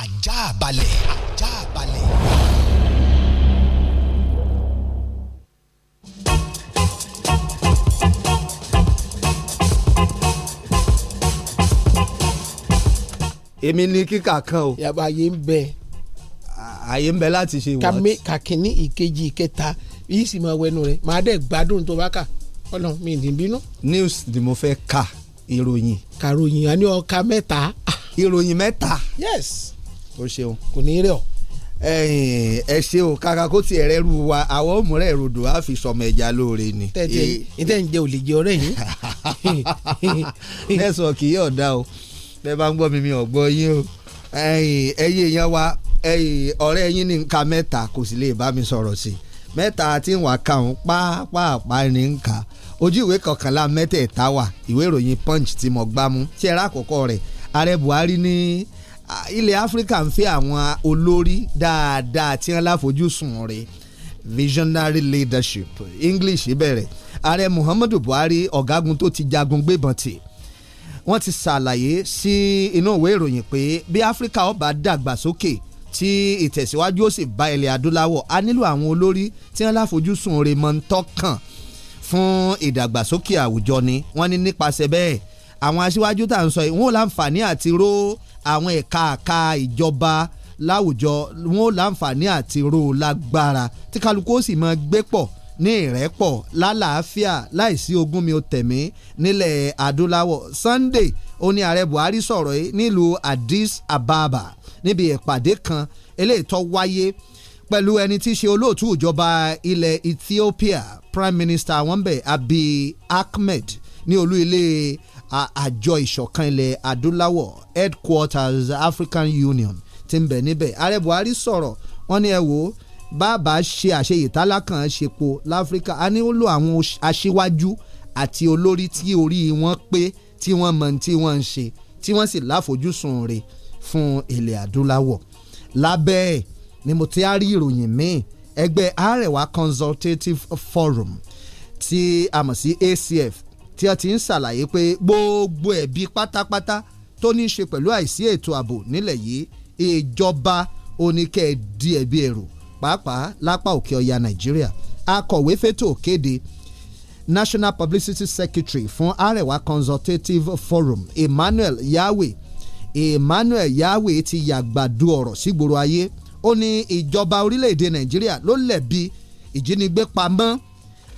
ajá balẹ̀ ajá balẹ̀. èmi ní kíkà kan o. yàrá ayé ń bẹ. ayé ń bẹ láti ṣe wọ́n. kàmí kàkíní ìkejì ìkẹta yìí sì máa wẹnu rẹ màá dẹ̀ gbádùn tó bá kà ọlọ́run mi ní bínú. news ni mo fẹ́ ka ìròyìn. kàròyìn àní ọ̀ka mẹ́ta. ìròyìn mẹ́ta. yes o ṣeun. kò ní í rẹ̀ ẹ ṣe o kàkà kó tiẹ̀ rẹ ru wa àwọn òmùrẹ́ ìrodò á fi sọmọ ẹja lóore ni. tẹ́tẹ́ ìtẹ́ eh. ń jẹ òlìjẹ ọ̀rẹ́ yìí. nẹ́sọ̀kì yìí ọ̀dà o bẹ́ẹ̀ bá ń gbọ́ mi mi ò yín o ẹ̀yin èèyàn wa ọ̀rẹ́ yín ní nǹka mẹ́ta kò sì lè bá mi sọ̀rọ̀ sí mẹ́ta tí ń wà káwọn pápápá ní nǹka ojú ìwé kọkànlá mẹ́tẹ̀ẹ̀ta wà ìwé ìròyìn punch tí mo gbámú tí ẹ rà àkọ́kọ́ rẹ̀ ààrẹ Buhari ní ilẹ̀ áfíríkà ń fẹ́ àwọn olórí dáadáa tí wọ́n láfojúsùn rẹ̀ visionary leadership english bẹ̀rẹ̀ ààrẹ muhammadu buhari ọ̀gágun tó ti jagun gbébọn tì wọ́n ti ṣàlàyé sí inú ìwé ìròyìn pé bí áfíríkà ó bá dàgbàsókè tí ìtẹ̀síwájú ó sì bá ilẹ̀ adúláwọ̀ a nílò àwọn olórí tí wọ́n láfojúsùn rẹ̀ mọ́ ń tọ́kàn fún ìdàgbàsókè àwùjọ ni wọ́n ní nípasẹ̀ bẹ́ẹ̀ àwọn aṣíwájú tá à ń sọ yìí wọn ò láǹfààní àti ró àwọn ẹ̀ka àka ìjọba láwùjọ wọn ò láǹfààní àti ro lágbára tí kálukú ó sì máa gbé pọ̀ ní ìrẹ́pọ̀ lálàáfíà láìsí ogún mi ò tẹ̀mí nílẹ̀ adúláwọ̀ Sunday ó ní ààrẹ Buhari sọ̀rọ̀ yìí nílùú Addis Ababa níbi ìpàdé kan eléyìí tó wáyé pẹ̀lú ẹni tí í ṣe olóòtú ìjọba ilẹ̀ Ethiopia Prime Minister wọ́nbẹ̀ Abiy Ahmed ní olú ilé àjọ ìṣọ̀kan ilẹ̀ adúláwọ̀ headquarters African Union ti ń bẹ̀ níbẹ̀ ààrẹ Buhari sọ̀rọ̀ wọ́n ní ẹ wò ó bàbá ṣe àṣeyìtálá kan ṣepo láfíríkà a ní ó lo àwọn aṣíwájú àti olórí tí orí wọn pé tí wọ́n mọ̀ tí wọ́n ń ṣe tí wọ́n sì láfojúsùn rẹ̀ fún ilẹ̀ adúláwọ̀ lábẹ́ ẹ̀ ni mo ti á rí ìròyìn míì ẹgbẹ́ Arewa Consultative Forum tí a mọ̀ sí ACF tí wọ́n ti ń ṣàlàyé pé gbogbo ẹ̀bi pátápátá tó ní í ṣe pẹ̀lú àìsí ètò ààbò nílẹ̀ yìí ìjọba oníkẹ́ di ẹ̀bi ẹ̀rù pàápàá lápá òkè ọya nàìjíríà akọ̀wé fẹ́tò kéde national publicity secretary fún arewa consultative forum emmanuel yahweh emmanuel yahweh ti yàgbàdo ọ̀rọ̀ sígboro ayé ó ní ìjọba orílẹ̀-èdè nàìjíríà ló lẹ̀bi ìjínigbé pamọ́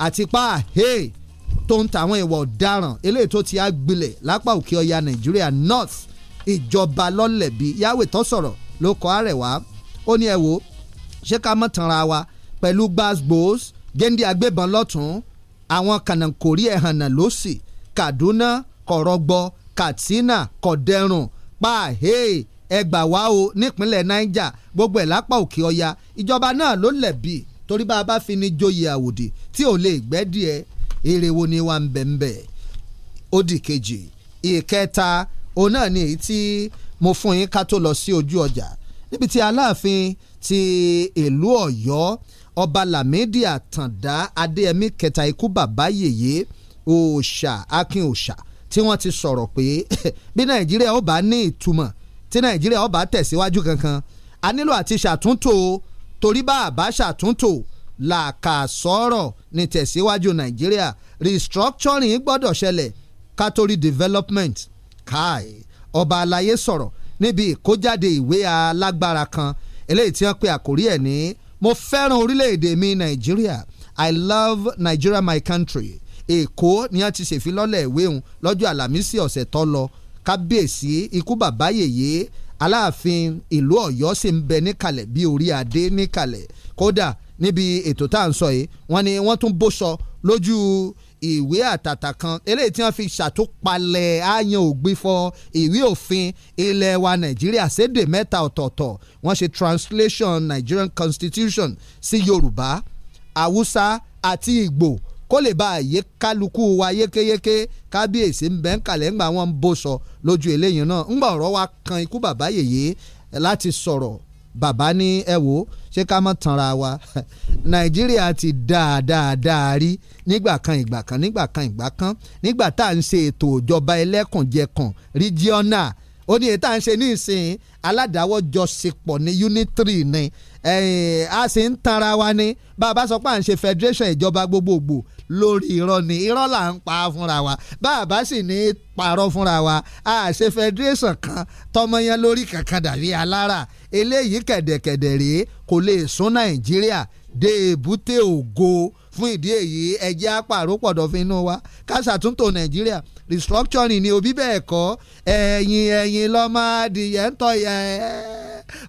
àti pa hey, tó ń ta àwọn ìwà ọ̀daràn eléyìí tó ti á gbilẹ̀ lápá òkè ọya nàìjíríà north ìjọba lọ́lẹ̀bí yàwé tó sọ̀rọ̀ ló kọ́ àrẹ̀wá ó ní ẹ wo ṣé ká mọ̀ tanra wa pẹ̀lú gbàgbós géńdé agbébọn lọ́tún àwọn kànáńkórí ẹ̀hànà lọ́sì kaduna kọ̀rọ̀gbọ katsina kọ̀dẹ̀rùn páàhé ẹgbà wá o nípínlẹ̀ niger gbogbo ẹ̀ lápá òkè ọya ìjọba náà ló lẹ̀bi torí bá a bá fi ní joyè àwòdì tí ò lè gbẹ́ ire wo ni wà ń bẹ̀ ó di kejì ìkẹta òun náà ni èyí tí mo fún yín ká tó lọ sí ojú ọjà níbi tí aláàfin ti ìlú Ọ̀yọ́ ọba Lámídì Àtàndá Adéyẹmí kẹta ikú bàbá yèyé òòṣà akin òòṣà tí wọ́n ti sọ̀rọ̀ pé bí Nàìjíríà ó bá ní ìtumọ̀ tí Nàìjíríà ó bá tẹ̀síwájú kankan a nílò àti ṣàtúntò torí bá a bá ṣàtúntò làkà sọ̀rọ̀ ní tẹ̀síwájú nàìjíríà restructuring gbọ́dọ̀ ṣẹlẹ̀ catholic development káì ọba alayé sọ̀rọ̀ níbi ìkójáde ìwé alágbára kan eléyìí tí wọ́n pe àkórí ẹ̀ ní mo fẹ́ràn orílẹ̀-èdè mi nàìjíríà i love nigeria my country èkó ni wọ́n ti ṣèfilọ́lẹ̀ ìwé òun lọ́jọ́ àlàmísì ọ̀sẹ̀ tó lọ kábíyèsí ikú bàbá yèyé aláàfin ìlú ọ̀yọ́ sì ń bẹ níkàlẹ̀ bí orí adé níkàlẹ̀ kódà níbi ètò tá à ń sọ yìí wọ́n ní wọ́n tún bó sọ lójú ìwé àtàtà kan eléyìí tí wọ́n fi ṣàtúpalẹ̀ àyàn ògbìfọ̀ ìwé òfin ilẹ̀ wa nàìjíríà sédè mẹ́ta ọ̀tọ̀ọ̀tọ̀ wọ́n ṣe translation Nigerian Constitution sí yorùbá haúsá àti ìgbò kó lè bá àyè kálukú wa yékéyéké kábíyèsí ń bẹ́ ń kalẹ̀ ńgbà wọn ń bó sọ lójú eléyìí náà ńgbà ọ̀rọ̀ wa kan ikú bàbá yèyé láti sọ̀rọ̀ bàbá ní ẹ wò ó ṣé ká mọ̀ tanra wa nàìjíríà ti dáadáa rí nígbà kan ìgbà kan nígbà kan ìgbà kan nígbà tá à ń ṣe ètò ìjọba ẹlẹ́kùnjẹkùn regional ó ní ètò à ń ṣe ní ìsìn aládàáwọ́jọṣepọ̀ ní unitary ni a sì ń tanra wa ni bàbá sọ pé à ń ṣe federation ìjọba gbogbogbò lórí irọ́ ni irọ́ là ń pa fúnra wa bàbá sì ní parọ́ fúnra wa a ṣe federation kan tọmọ yẹn lórí kankan dàbí alára eléyìí kẹ̀dẹ̀kẹ̀dẹ̀ rèé kò lè sún Nàìjíríà dé èbúté ògo fún ìdí èyí ẹjẹ́ apàrópọ̀dọ̀ fún inú wa ká ṣàtúntò nàìjíríà restructuring ni òbí bẹ́ẹ̀ kọ́ ẹ̀yìn ẹ̀yìn lọ́mọ adìyẹ ń tọ́yà ẹ̀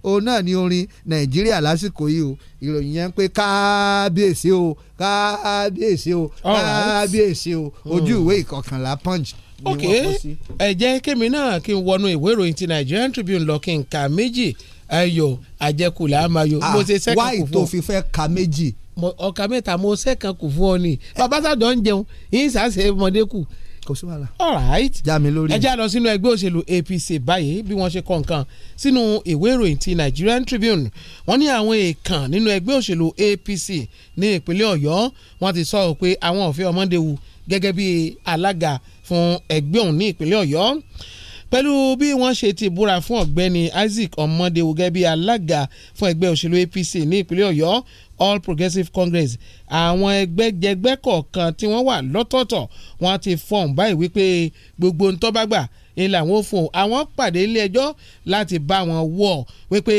òun náà ni orin nàìjíríà lásìkò yìí o ìròyìn yẹn ń pé kábíyèsí o kábíyèsí o kábíyèsí o hmm. ojú ìwé ìkọkànlá punch ni wọ́n kó sí. ẹ jẹ́ kémi náà kí n wọnú ìwé ìròyìn ti Nigerian Tribune lọ kí n kà méjì ayọ̀ àjẹkù là á máa yọ. mo ah, ṣe sẹ́kàn kù fún ọ wáyé tó fi fẹ́ ka méjì. ọ̀ka mẹ́ta mo sẹ́kàn kù fún ọ ni eh. babasajọ ń jẹun yín sàṣẹ ọmọdé kù. kò sí wàhálà all right já mi lórí. ẹ já lọ sínú ẹgbẹ́ òṣèlú APC báyìí bí wọ́n ṣe kọ nǹkan sínú ìwé ìròyìn ti Nigerian Tribune wọ́n ní àwọn èèkàn nínú ẹgbẹ́ òṣèlú APC ní ìpínlẹ̀ Ọ̀yọ́ wọ́n ti sọ pé àwọn ò fẹ́ Ọmọdéwu gẹ́gẹ́ bí alága fún ẹgbẹ́ òun ní ìpínlẹ̀ Ọ̀yọ́ pẹ̀lú bí wọ́n ṣe ti búra fún ọ̀gbẹ́ni Isaac Ọmọdéwu gẹ́gẹ́ bí alága fún ẹgbẹ́ òṣèlú APC ní ìpínlẹ̀ Ọ̀yọ́ All Progressives Congress àwọn ẹgbẹ́jẹgbẹ́ kọ̀ọ̀kan tí wọ́n wà lọ́tọ̀ọ̀tọ̀ wọ́n ti fọ̀n báyìí wípé gbogbo ń tọ́ba gbà ni làwọn ò fún àwọn pàdé ilé ẹjọ́ láti bá wọn wọ̀ wípé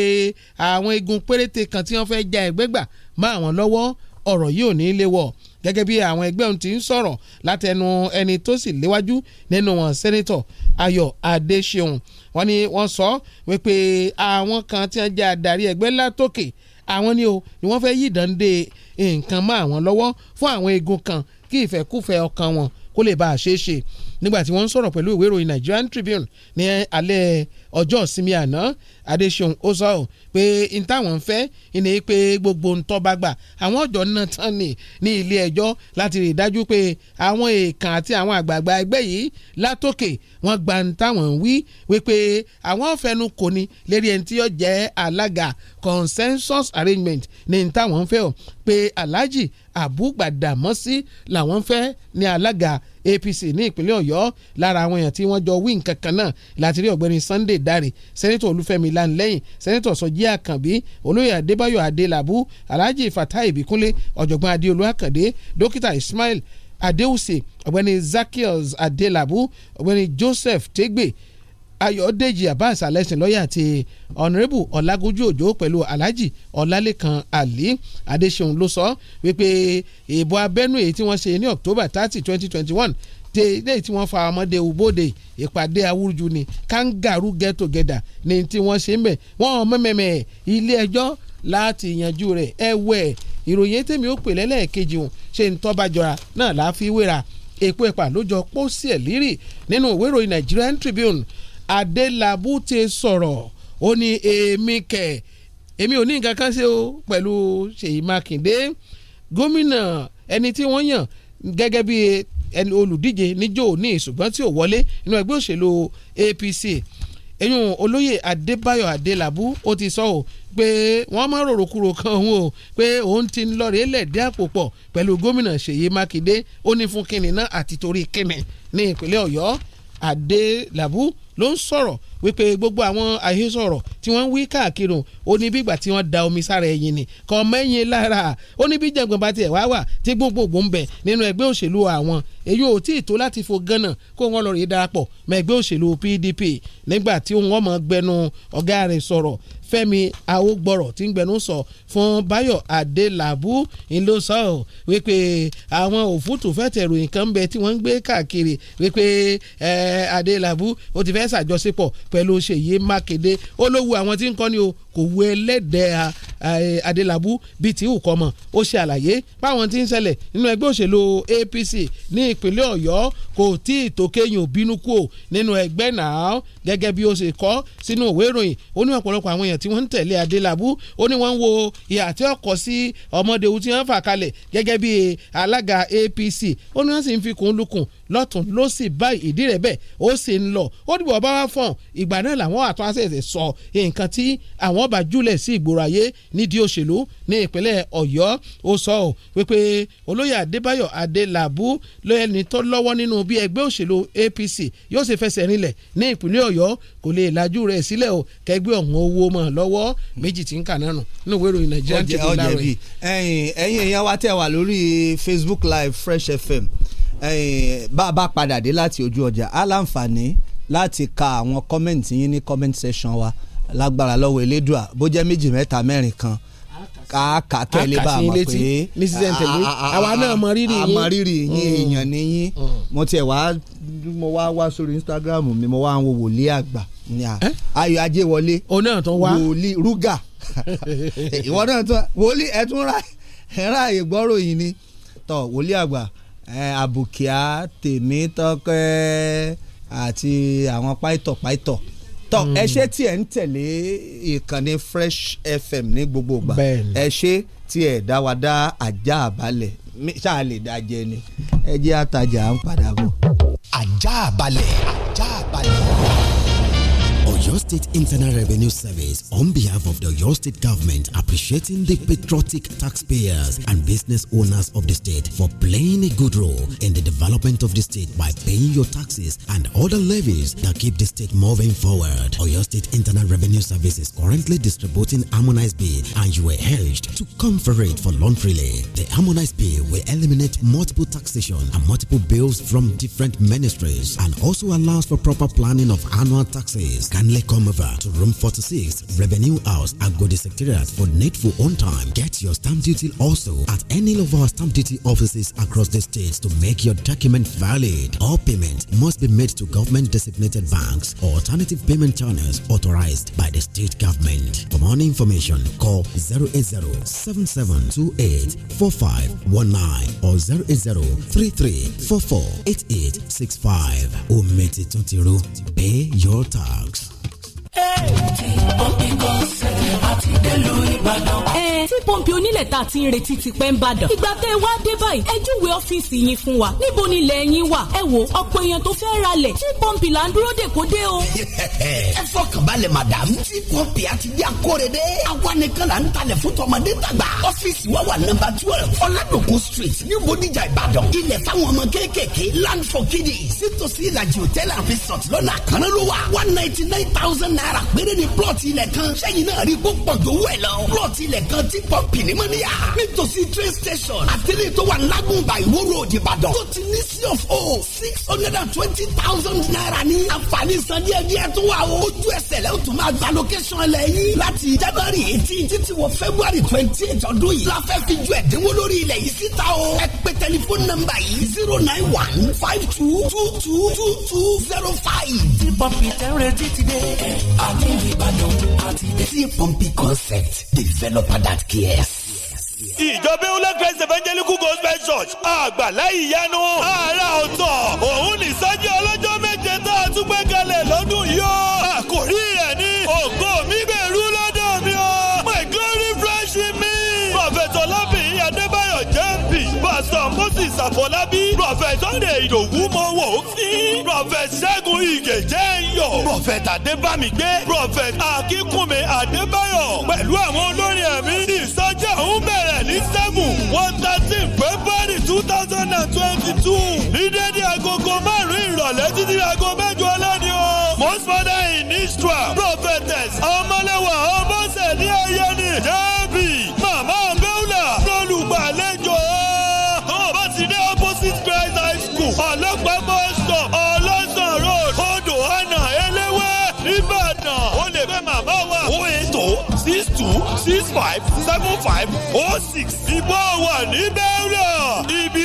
àwọn igun péréte kan tí wọ́n fẹ́ ja ẹgbẹ́ gbà má àwọn lọ́wọ́ ọ̀rọ̀ yìí ò ní í lé wọ̀ gẹ́gẹ́ bí àwọn ẹgbẹ́ òun ti ń sọ̀rọ̀ látẹnu ẹni tó sì léwájú nínú wọn sẹ́nitọ̀ Ayọ̀ Adéṣeun wọ́n ní wọ́n sọ wípé àwọn kan tí wọ́n jẹ́ adarí ẹgbẹ́ látòkè àwọn ni o ni wọ́n fẹ́ yí ìdánde nǹkan mọ́ àwọn lọ́wọ́ fún àwọn eegun kan kí ìfẹ́kúfẹ́ ọkàn wọn kó lè bá a ṣeé ṣe nígbà tí wọ́n ń sọ̀rọ̀ pẹ̀lú ìwé ìròyìn Nigerian Tribune ní alẹ́ ọjọ́ ìsinmi àná Adéṣeun ó sọ ọ́ pé n táwọn ń fẹ́ ni pé gbogbo ń tọ́ bá gbà àwọn ọ̀jọ́ náà tán ni ní ilé ẹjọ́ láti rí i dájú pé àwọn èèkàn àti àwọn àgbààgbà ẹgbẹ́ yìí látòkè wọ́n gba ń táwọn ń wí wípé àwọn fẹnu kò ní lérí ẹni tí yóò jẹ́ alága consensus arrangement ní n táwọn ń fẹ́ ọ́ pé Alhaji Abu Gbadamosi làwọn ń fẹ́ ní alága APC ní ìpínlẹ̀ Ọ̀yọ́ lára àwọn èèyàn tí wọ́n jọ wí nǹkan kan náà láti rí ọ̀gbẹ́ni Sunday Dare sẹ́nẹ́tọ̀ Olúfẹ́mi Lanlẹ́yìn sẹ́nẹ́tọ̀ Sọjí Àkànbí olóyè Adébáyọ̀ Adélabú Alhaji Fatai Ìbíkúnlé ọ̀jọ̀gbọ́n Adéolú Àkàndé dókítà Ismail Adéwùsè ọ̀gbẹ́ni Zakios Adélabú ọ̀gbẹ́ni Joseph Tegbe ayọ̀dèjì abbas alẹ́sìn lọ́yà àti ọ̀nàrẹ́bù ọ̀làgójú òjò pẹ̀lú alhaji ọ̀làlẹ́kan ali adéṣeun ló sọ wípé ìbò abẹ́nú èyí tí wọ́n ṣe ní october thirty twenty twenty one de ilé tí wọ́n fa ọmọdé ubode ìpàdé awúrúju ni kangaroo get together ni tí wọ́n ṣe ń bẹ̀ wọ́n mẹ́mẹ́mẹ́ ilé ẹjọ́ láti yanjú rẹ̀ ẹ̀wẹ̀ ìròyìn tèmi ó pè lẹ́lẹ́ẹ̀kejì òun ṣe ń tọ́ba jọra náà láàfin wéra èpo ẹ̀pà ló pósí ẹ̀ lírì nínú ìwé Nigerian Tribune Adélabú ti sọ̀rọ̀ ó ní èmi kẹ̀ èmi ò ní nǹkan kan ṣe o pẹ̀lú Ṣèyí Mákindé gómìnà ẹni tí wọ́n yàn gẹ́gẹ́ bí ẹni olùdíje níjó ní ṣùgbọ́n tí ò wọlé nínú ẹgbẹ́ òṣèlú APC ẹ̀yùn olóyè Adébáyọ̀ Adélabú ó ti sọ ọ́ pé wọ́n máa rorokuro kan òun o pé òun ti ń lọ́ọ̀rẹ́ lẹ̀dẹ́ àpò pọ̀ pẹ̀lú gómìnà Ṣèyí Mákindé ó ní fún kínní náà àti torí kínní ní ìpínlẹ̀ Ọ̀yọ́ Adélabú ló ń sọ̀rọ̀ wípé gbogbo àwọn àhesọ ọ̀rọ̀ tí wọ́n ń wí káàkiri ó ní bígbà tí wọ́n da omi sára ẹyin ni kò mẹ́yìn lára ó ní bí jẹ̀gbọ́n bá tiẹ̀ wá wà tí gbogbogbò ń bẹ nínú ẹgbẹ́ òṣèlú àwọn èyí ò tí ì tó láti fo gánà kó wọn lọ rí darapọ̀ mọ́ ẹgbẹ́ òṣèlú PDP nígbà tí wọ́n mọ̀ gbẹnu ọ̀gá rẹ̀ sọ̀rọ̀ Fẹ́mi Awógbọ̀rọ̀ tí ń gbẹnu sọ fún Báyọ̀ Adélabú ńlọ sọ ọ wípé àwọn òfútù fẹ́tẹ̀ ròyìn kan bẹ tí wọ́n ń gbé káàkiri wípé Adélabú ó ti fẹ́ ṣàjọṣepọ̀ pẹ̀lú Ṣèyí Mákindé ó ló wu àwọn tí ń kọ́ ni o kò wu ẹlẹ́dẹ̀ẹ́ Eh, Adelabu, bíi ti ìwùkọ́ mọ̀ ó ṣe àlàyé báwọn ti ń ṣẹlẹ̀ nínú ẹgbẹ́ òṣèlú APC ní ìpínlẹ̀ Ọ̀yọ́ kò tí ì tó kéèyàn bínú kù nínú ẹgbẹ́ náà gẹ́gẹ́ bí ó ṣe kọ sínú ìwé ìròyìn ó ní ọ̀pọ̀lọpọ̀ àwọn èèyàn tí wọ́n ń tẹ̀lé Adélábù ó ní wọ́n ń wo ìhà tí ọkọ̀ sí ọmọdé tí wọ́n fà kalẹ̀ gẹ́gẹ́ bí alága APC ó ní wọ́n sì ń fi kùn lukùn lọ́tún ló sì bá ìdí rẹ̀ bẹ́ẹ̀ ó sì ń lọ ó dìbò ọba wa fọ̀n ìgbà náà làwọn àtúnṣe sọ nǹkan tí àwọn ọba júlẹ̀ sí ìgboro ayé nídìí òṣèlú ní ìpínlẹ̀ ọ̀yọ́ ó sọ ọ́ wípé olóyè adébáyọ̀ adélàbú lẹ́ni tó lọ́wọ́ nínú bí ẹgbẹ́ òṣèlú apc yóò ṣe fẹsẹ̀ rinlẹ̀ ní ìpínlẹ̀ ọ̀yọ́ kò lè lajú rẹ̀ sílẹ̀ o kẹgbẹ́ ọ̀hún owó mọ̀ lọ́wọ́ méjì tí ń kà náà nù nínú ìwé ìròyìn nàìjíríà ti kò láàrọ̀ yìí. ẹ̀yin ẹ̀yin èèyàn wa wà lórí facebook live fresh fm bá a bá padà dé láti ojú ọjà á láǹfààní láti ka àwọn kọ́mẹ̀ntì yín ní kọ́mẹ̀ntì section lágbára lọ́wọ́ elédùà bó jẹ́ méjì mẹ́ta mẹ́rin kan kàákà kẹ́lẹ́ bá a mọ̀ pé ní sísẹ́ ntẹ̀lé àwa náà mọ rírì yín àmọ rírì yín mm. èèyàn ni yín mm. mo tiẹ̀ wá mo wá wá sórí Instagram mi mo wá ń wo wòlíì àgbà ni à ayọ̀ ajé wọlé wòlíì rúgà ìwọ náà tó wòlíì ẹ tún ra ẹ ra ìgbọ́rò yìí ni tọ wòlíì àgbà àbùkíá tèmítọ́kẹ́ àti àwọn páìtọ̀ páìtọ̀ tọ hmm. ẹ ṣe tí ẹ ń tẹ̀lé ìkànnì Fresh FM ní gbogbo ìgbà ẹ ṣe tí ẹ dá wa dá ajá àbálẹ̀ ṣáà lè dá jẹ ni ẹ jẹ́ àtàjà ń padà bọ̀. ajá àbálẹ̀ ajá àbálẹ̀. Oyo State Internal Revenue Service, on behalf of the Oyo State government, appreciating the patriotic taxpayers and business owners of the state for playing a good role in the development of the state by paying your taxes and other levies that keep the state moving forward. Oyo State Internal Revenue Service is currently distributing Harmonized Bill, and you were urged to come for it for loan The Harmonized Bill will eliminate multiple taxation and multiple bills from different ministries and also allows for proper planning of annual taxes kindly come over to room 46, Revenue House, Agodi Secretariat for needful on time. Get your stamp duty also at any of our stamp duty offices across the states to make your document valid. All payments must be made to government designated banks or alternative payment channels authorized by the state government. For more information, call 080 7728 4519 or 080 3344 8865. pay your tax. Hey, pọ́ǹpì kan ṣẹlẹ̀ láti délùú Ìbàdàn. ẹ tí ìgbésẹ̀ tá a ti ń retí ti pẹ́ ń bàdàn. ìgbà tẹ́ ẹ wá dé báyìí ẹ júwe ọ́fíìsì yín fún wa níbo ni ilẹ̀ yín wà ẹ wo ọ̀pọ̀ èèyàn tó fẹ́ ra lẹ̀ tí pọ́ǹpì là ń dúró dè kó dé o. ẹ fọkàn balẹ̀ madam tí pọ́ǹpì àti bí akóredé àwa nìkan là ń talẹ̀ fún tọmọdé tàgbà. ọ́fíìsì wa wà nọ́mbà twelve ọ̀làdòkun street ní bodijà ìbàdàn ilẹ̀ fáwọn ọmọ kéékèèké mania nítòsí train station àtẹlẹ tó wà lágùnbà ìwó road ìbàdàn tó ti ní sí of o six hundred and twenty thousand naira ní àǹfààní san díẹ̀ díẹ̀ tó wà o ojú ẹsẹ̀ lẹ́yìn tó máa gba location ẹlẹ́ yìí láti january eighteen títí wọ february twenty eight ọdún yìí la fẹ́ fi ju ẹ̀dínwó lórí ilẹ̀ yìí síta o ẹ pè tẹlifóònù nọ́mbà yìí zero nine one five two two two two two zero five. tí pọ́ǹpì tẹ́ ń retí ti dé àti ìbàdàn àti dé. tí pọ́ǹpì concept developer that cares ìjọ Beulah Christ Evangelical Gospel Church àgbàlá ìyanu àrà ọ̀tọ̀ òun nìsọjí ọlọ́jọ́ méje tá a tún gbé kalẹ̀ lọ́dún yóò. Àfọlábí prọfẹ̀t Sunday Ìdòwú mo wò ó fín prọfẹ̀t Ṣẹ́gun Ìgèjẹ́ yọ prọfẹ̀t Adébámigbé prọfẹ̀t Akínkúnmi Adébáyọ̀ pẹ̀lú àwọn olórin ẹ̀mí ìsọjí ọ̀hún bẹ̀rẹ̀ ní seven one thirteen February two thousand and twenty two ní dédé agogo márùn-ún ìrọ̀lẹ́ títí agogo mẹ́jọ ọlọ́ni o most modern in Israel prophetess ọmọlẹ́wà ọmọ sẹ̀ ní ayé ni jẹ́. six five seven five oh six ìbọn wà ní bẹ́ẹ̀rẹ̀ ibi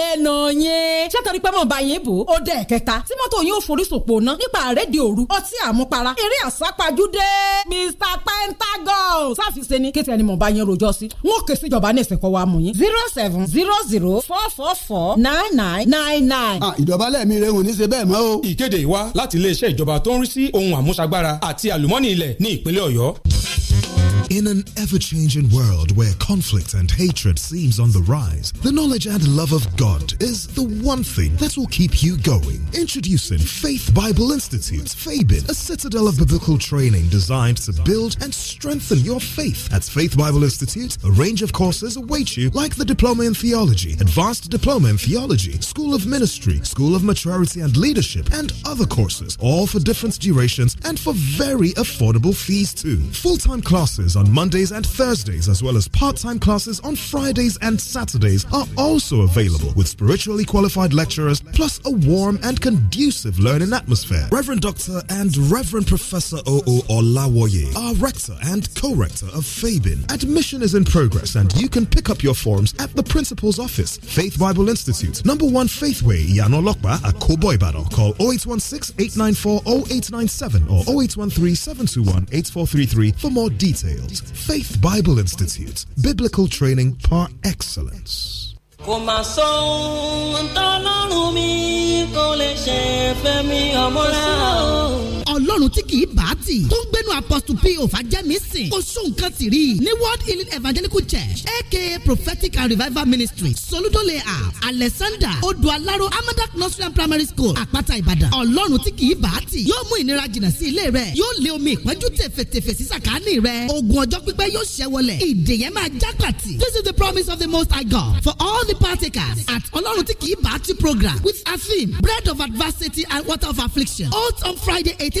ah, lẹ́nu yẹn ṣètọ́rí pé mọ̀ bá yẹn bò ó dẹ̀ kẹta tí mọ́tò yóò forísòpò ná nípa àrédè òru ọtí àmupara eré àsápajúdé Mr Pentagon sáfìsẹ́ ni kéte ẹni mọ̀ bá yẹn rojọ́ sí wọn kè síjọba ní ìsìnkọ́ wa mú yín zero seven zero zero four four four nine nine nine nine. Ah, ìjọba lẹ́ẹ̀mí rẹ̀ ò ní ṣe bẹ́ẹ̀ mọ́ o. ìkéde wa láti iléeṣẹ́ ìjọba tó ń rí sí ohun àmúṣagbára àti àlùmọ́nì ilẹ̀ ní ìpínlẹ̀ Ọ̀yọ́. In an ever changing world where conflict and hatred seems on the rise, the knowledge and love of God is the one thing that will keep you going. Introducing Faith Bible Institute, FABIN, a citadel of biblical training designed to build and strengthen your faith. At Faith Bible Institute, a range of courses await you, like the Diploma in Theology, Advanced Diploma in Theology, School of Ministry, School of Maturity and Leadership, and other courses, all for different durations and for very affordable fees too. Full time classes classes on Mondays and Thursdays, as well as part time classes on Fridays and Saturdays, are also available with spiritually qualified lecturers, plus a warm and conducive learning atmosphere. Reverend Dr. and Reverend Professor O.O. Olawoye are rector and co rector of Fabin. Admission is in progress, and you can pick up your forms at the principal's office, Faith Bible Institute, number one Faithway, Yanolokba, at Koboy Battle. Call 0816 894 0897 or 0813 721 8433 for more details. Fields, Faith Bible Institute, biblical training par excellence. ọlọ́run tí kì í bá tì tó ń gbénu apostle p o fàjẹ́mísìn kò sóhun kan tì rí ní world healing evangelical church aka prophetic and revival ministry soludo layout alexander odualaro amadak nursery and primary school àpáta ìbàdàn ọlọ́run tí kì í bá tì yóò mú ìnira jìnnà sí ilé rẹ yóò lé omi ìpọ́njú tẹ̀fẹ̀tẹ̀fẹ̀ sí sàkáání rẹ ogun ọjọ́ pípẹ́ yóò ṣẹ́ wọlẹ̀ ìdè máa já pàtì this is the promise of the most high God for all the partakers at ọlọ́run tí kì bá tì program with a theme bread of adversity and water of affliction hot on friday eighteen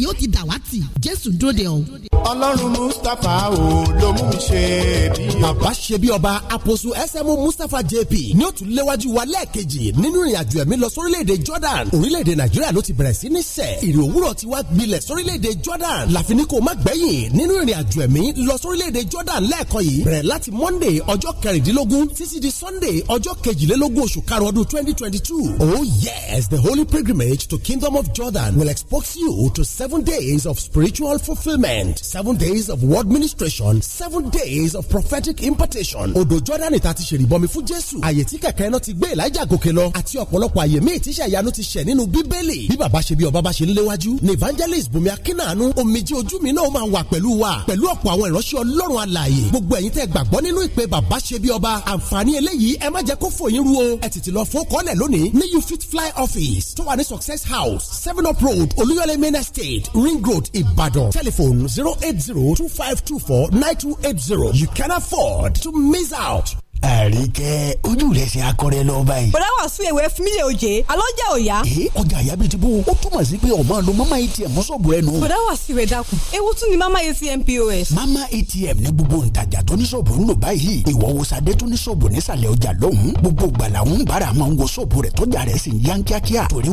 yóò ti dàwátì jésù dúró de ọ. ọlọ́run mustapha ò ló mú mi ṣe bí ọba. bàbá ṣe bí ọba àpòsù ẹsẹmú mustapha jp ní ó tún léwájú wa lẹ́ẹ̀kejì nínú ìrìnàjò ẹ̀mí lọ sórílẹ̀‐èdè jordan orílẹ̀‐èdè nàìjíríà ló ti bẹ̀rẹ̀ sí ní sẹ̀ ìrì òwúrọ̀ ti wá gbilẹ̀ sórílẹ̀‐èdè jordan láfi ní má gbẹ̀yìn nínú ìrìnàjò ẹ̀mí lọ sórílẹ̀‐èdè jordan lẹ́ẹ̀kan yìí bẹ̀rẹ̀ láti monday ọjọ́ kẹrìndínlógún títí di sunday ọjọ́ kejìlélógún oṣù karùn-ún ọdún twenty oh yes the holy pilgrimage to kingdom of jordan will expose you to seven seven days of spiritual fulfillment, seven days of word ministration, seven days of prophetic impartation. Odò Jordan ta ti ṣèrìbọmi fún Jésù. Àyè tí kẹ̀kẹ́ náà ti gbé Elijah gòkè lọ àti ọ̀pọ̀lọpọ̀ àyè míì tíṣà ìyanu ti ṣẹ̀ nínú Bíbélì. Bí bàbá ṣe bí ọba bá ṣe ń léwájú ni evangelist Bùnmi Akínàánú omijì ojú mi náà máa wà pẹ̀lú wa pẹ̀lú ọ̀pọ̀ àwọn ìránṣẹ́ Ọlọ́run alààyè. Gbogbo ẹ̀yin tẹ́ gbàgbọ́ nínú ìpè bàbá ṣe bí ọba àǹfààní eléyìí ẹ má jẹ́ kó fòyín ru o. Ẹ tètè lọ fún kọ́lẹ̀ lónìí ní You Fit Fly office tó wà ní Success House seven up road Olúyọ̀lé main estate street ring road ibadan telephone zero eight zero two five two four nine two eight zero you can afford to miss out àríkẹ́ ojú rẹ̀ ṣe akọrẹ lọ báyìí. bọ̀dá wà sún ewé fún mi lè oje alọ́ jẹ́ òya. ee ọjà àyà bíi ti bó o túmọ̀ sí pé ọmọ lo mama atm mọ́sọ̀bù ẹnu. bọ̀dá wà sí ìwé dàkún ewu tún ni mama atm pos. mama atm ní gbogbo ntajà tó ní sọ̀bù ń lò báyìí ìwọ wo sadé tó ní sọ̀bù nísàlẹ̀ ọjà lọ́hùn gbogbo gbala ń bára máa ń wo sọ̀bù rẹ̀ tọ́jà rẹ̀ sì ń yan kíákíá torí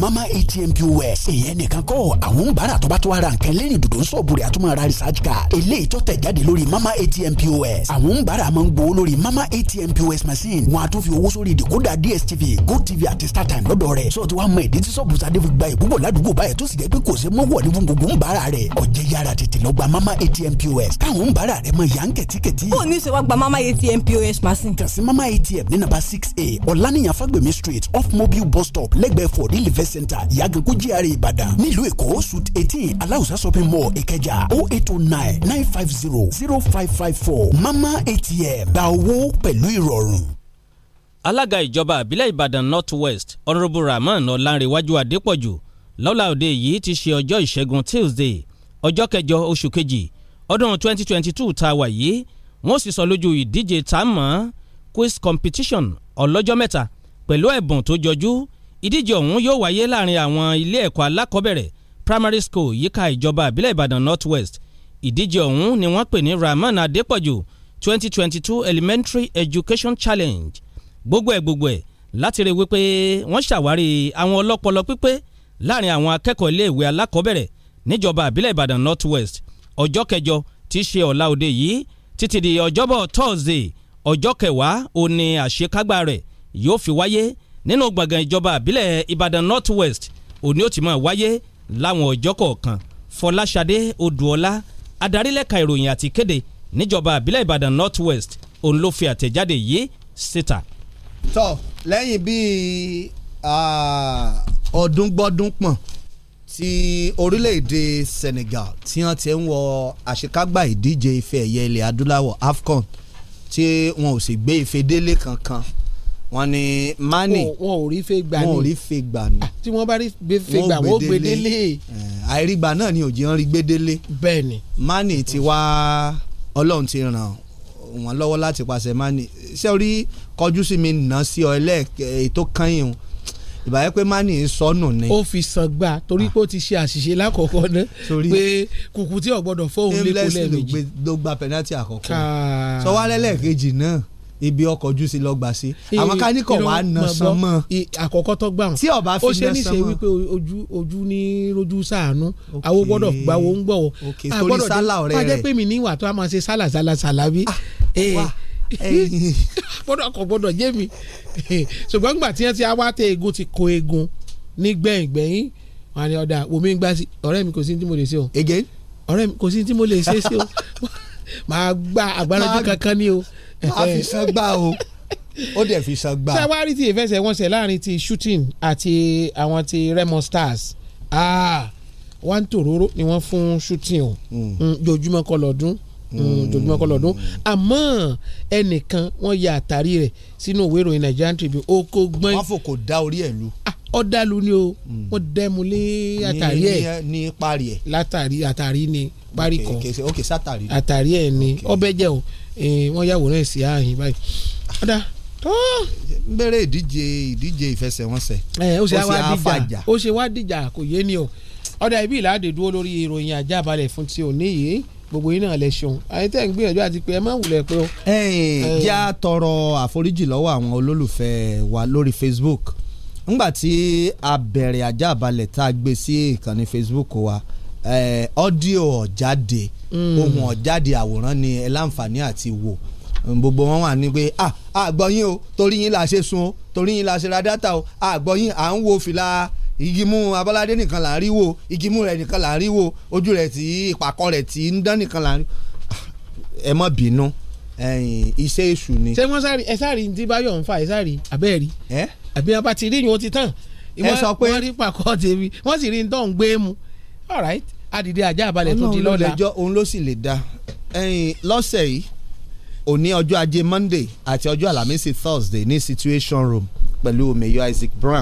mama atm pos. èèyàn nìkan kọ́ àwọn ń bára tó bá tó ara nǹkan lẹ́yìn dòdò sọ̀bù rẹ̀ àtúmọ̀ ara research card mama atm pos. àwọn ń bára mama atm pos machine wọn a tún fi owó sórí ìdìkúdà dstv gotv àti startime lọ́dọ̀ rẹ̀ sọ ti wá mọ ìdí tí sọ́ọ̀bù sadé fi gba ìbúbọ̀ ládùúgbò báyìí tó sì jẹ́ pé kò sí mọ́wọ́ ní gbogbo ń bára rẹ̀ ọ̀jẹ̀ yára tètè lọ gba mama atm pos táwọn ń bára rẹ̀ mọ ìyá ń kẹ̀tíkẹ̀tí. ó ní ṣe wá gba mama atm pos machine. kàn sí mama atm ní nàbà six a ọ̀lànìyàn fagbemi street off mobile bus stop lẹ́gbẹ̀ẹ́ for the live center ìyàgànkú gr ìbàdàn nílùú èkó suit eighteen aláùsá shopping mall ìkẹjà o oh eight o oh nine nine five zero zero five five four mama atm gba owó owó pẹ̀lú ìrọ̀rùn. alága ìjọba àbílẹ̀ ìbàdàn north west honourable rahman ọ̀làǹrẹ̀wájú adépọ̀jù lọ́la òde yìí ti ṣe ọjọ́ ìṣẹ́gun tuesday ọjọ́ kẹjọ oṣù kejì ọdún 2022 tá a wà yìí wọ́n sì sọ lójú ìdíje tá a mọ̀ quiz competition ọlọ́jọ́ mẹ́ta pẹ̀lú ẹ̀bùn tó jọjú ìdíje ọ̀hún yóò wáyé láàrin àwọn ilé ẹ̀kọ́ alákọ̀ọ́bẹ̀rẹ̀ primary school yíká ìjọba àbílẹ̀ ìbàdàn north west ìdíje ọ̀hún ni wọ́n pè ní rahman adépọ̀jù twenty twenty two elementary education challenge gbogbo ẹ̀ gbogbo ẹ̀ láti rí wípé wọ́n ṣàwárí àwọn ọlọ́pọlọ pípé láàrin àwọn akẹ́kọ̀ọ́ iléèwé alákọ̀ọ́bẹ̀rẹ̀ níjọba àbílẹ̀ ìbàdàn north west ọjọ́ kẹjọ tí í ṣe ọ̀la òde yìí títí di ọjọ́bọ̀ thursday ọjọ́ kẹwàá òní àṣekágbá rẹ̀ yóò fi wáyé nínú gbọ̀ngàn ìjọba àbílẹ̀ ìbàdàn north west òní ó ti máa wáyé láwọn ọjọ́ kọ̀ọ̀kan fọláṣadé odùọlá adarílẹ̀ka ìròyìn àti kéde níjọba àbílẹ̀ ìbàdàn north west òun ló fi àtẹ̀jáde yìí síta. tọ lẹ́yìn bíi ọdún gbọ́dún pọ̀n ti orílẹ̀-èdè Senegal tí wọ́n ti ń wọ àṣekágbá ìdíje ife ẹ̀yẹ ilẹ̀ adúláwọ̀ AFCON tí wọn ò sì gbé ife délé kankan wọ́n ní Mani wọn ò rí fe gbà ní wọn ò rí fe gbà ní. tí wọ́n bá rí fe gbà wọ́n gbé délé. àìrígbà náà ni òjì wọn rí gbé délé. bẹ́ẹ̀ni. Mani ti wá. Wa ọlọ́run ti ràn wọ́n lọ́wọ́ láti paṣẹ mani ṣé orí kọjú sí mi nà sí ọ ẹlẹ́ẹ̀kẹ́ kányìn o ìbáyẹ pé mani sọnù ni. ó fi san gbà torí pé ó ti ṣe àṣìṣe lákọ̀ọ́kọ́ náà pé kùkù tí ò gbọ́dọ̀ fóun lé kúlẹ̀ méjì. aimless ló gba penalty àkọ́kọ́ sọ wálé lẹ́ẹ̀kejì náà ibi ọkọ̀ ojú sí lọ gbà sí àwọn káníkọ̀ wa nà san mọ́. àkọ́kọ́ tó gbà wọn tí ọba fi nà san mọ́. ó ṣe ní ṣe wípé ojú ojú ní rojú sàánú àwọn gbọ́dọ̀ gba owó ń gbọ̀wọ́. ok torí sálà ọ̀rẹ́ pàjẹ́ pé mi ní ìwà tó a máa ṣe sálà sálà sálà bí. Ah, eh. gbọ́dọ̀ kọ̀ gbọ́dọ̀ jẹ́ mi ṣùgbọ́n gbà tí wọ́n ti wá tẹ egun ti ko egun ní gbẹ̀yìngbẹ̀yìn wọn ni ọ̀dà omi gbá sí ọ̀rẹ́ mi kò sí ní tí mo lè ṣe o. again ọ̀rẹ́ mi kò sí ní tí mo lè ṣe sí o máa gba àgbàlódé kankan ní o a fi san gbá o ó dẹ̀ fi san gbá. sáwárí ti ìfẹsẹ̀wọnsẹ̀ láàrin ti shooting àti àwọn ti Remo Stars ah, wọ́n tòróró ni wọ́n fún shooting o hmm. Hmm, jojúmọ́ kọ́ lọ́dún hmm, jojúmọ́ kọ́ lọ́dún àmọ́ ẹnìkan wọ́n ya àtàrí rẹ̀ sínú òwe ìròyìn Nigerian Tribune ó kó gbọ́n. wọ́n fò kò dá orí ẹ̀ lu ọ̀dàlù ah, ni o wọ́n dẹ́mu lé àtàrí ẹ̀ ní parí ẹ̀ látàrí àtàrí ni parí kan òkè sátàrí àtàrí ẹ̀ ni ọbẹ̀ jẹ́ o. Okay wọ́n yàwòrán ẹ̀sìn ààyè báyìí ọ̀dà tó. bẹ̀rẹ̀ ìdíje ìdíje ìfẹsẹ̀wọnsẹ̀ ó ṣe wá dìjà ó ṣe wá dìjà kò yé ni o ọ̀dà ibi ìlàdè dúró lórí ìròyìn àjábalẹ̀ fún ti òní yìí gbogbo yín náà lẹ ṣeun àyè tẹ́ ń gbìyànjú àti pé ẹ má wulẹ̀ pé o. jẹ́ tọrọ àforíjì lọ́wọ́ àwọn olólùfẹ́ wa lórí Facebook ńgbà tí a bẹ̀rẹ̀ àjábalẹ̀ tá a gbé sí ìkànnì Facebook wa. Eh, ọ́díò eh, ọ̀jáde mm. ohun ọ̀jáde àwòrán ni ẹ láǹfààní àti wò gbogbo wọn wà ní pé ah àgbọ̀yìn o torí yín la ṣe sun o torí yín la ṣe ra dátà o àgbọ̀yìn à ń wo fìlà igimu Abọ́ládé nìkan là ń rí wo igimu rẹ̀ nìkan là ń rí wo ojú rẹ̀ tí ìpàkọ́ rẹ̀ tí ń dán nìkan là ń rí ẹ mọ́ bínú iṣẹ́ èṣù ni. ṣé wọ́n sáré ẹ sáré ní tí báyọ̀ ń fa ẹ sáré abẹ́ rí àbí abá ti rí yòó ti tàn. ẹ sọ pé wọ́n rí pàkọ́ tèmi wọ́n sì rí ní tó ń gbé mu all right àdìdẹ ajá balẹ̀ tó di lọ́la. òun ló sì lè da lọ́sẹ̀ yìí òní ọjọ́ ajé monday àti ọjọ́ àlàmísì thursday ní situation room pẹ̀lú omeyo isaac brown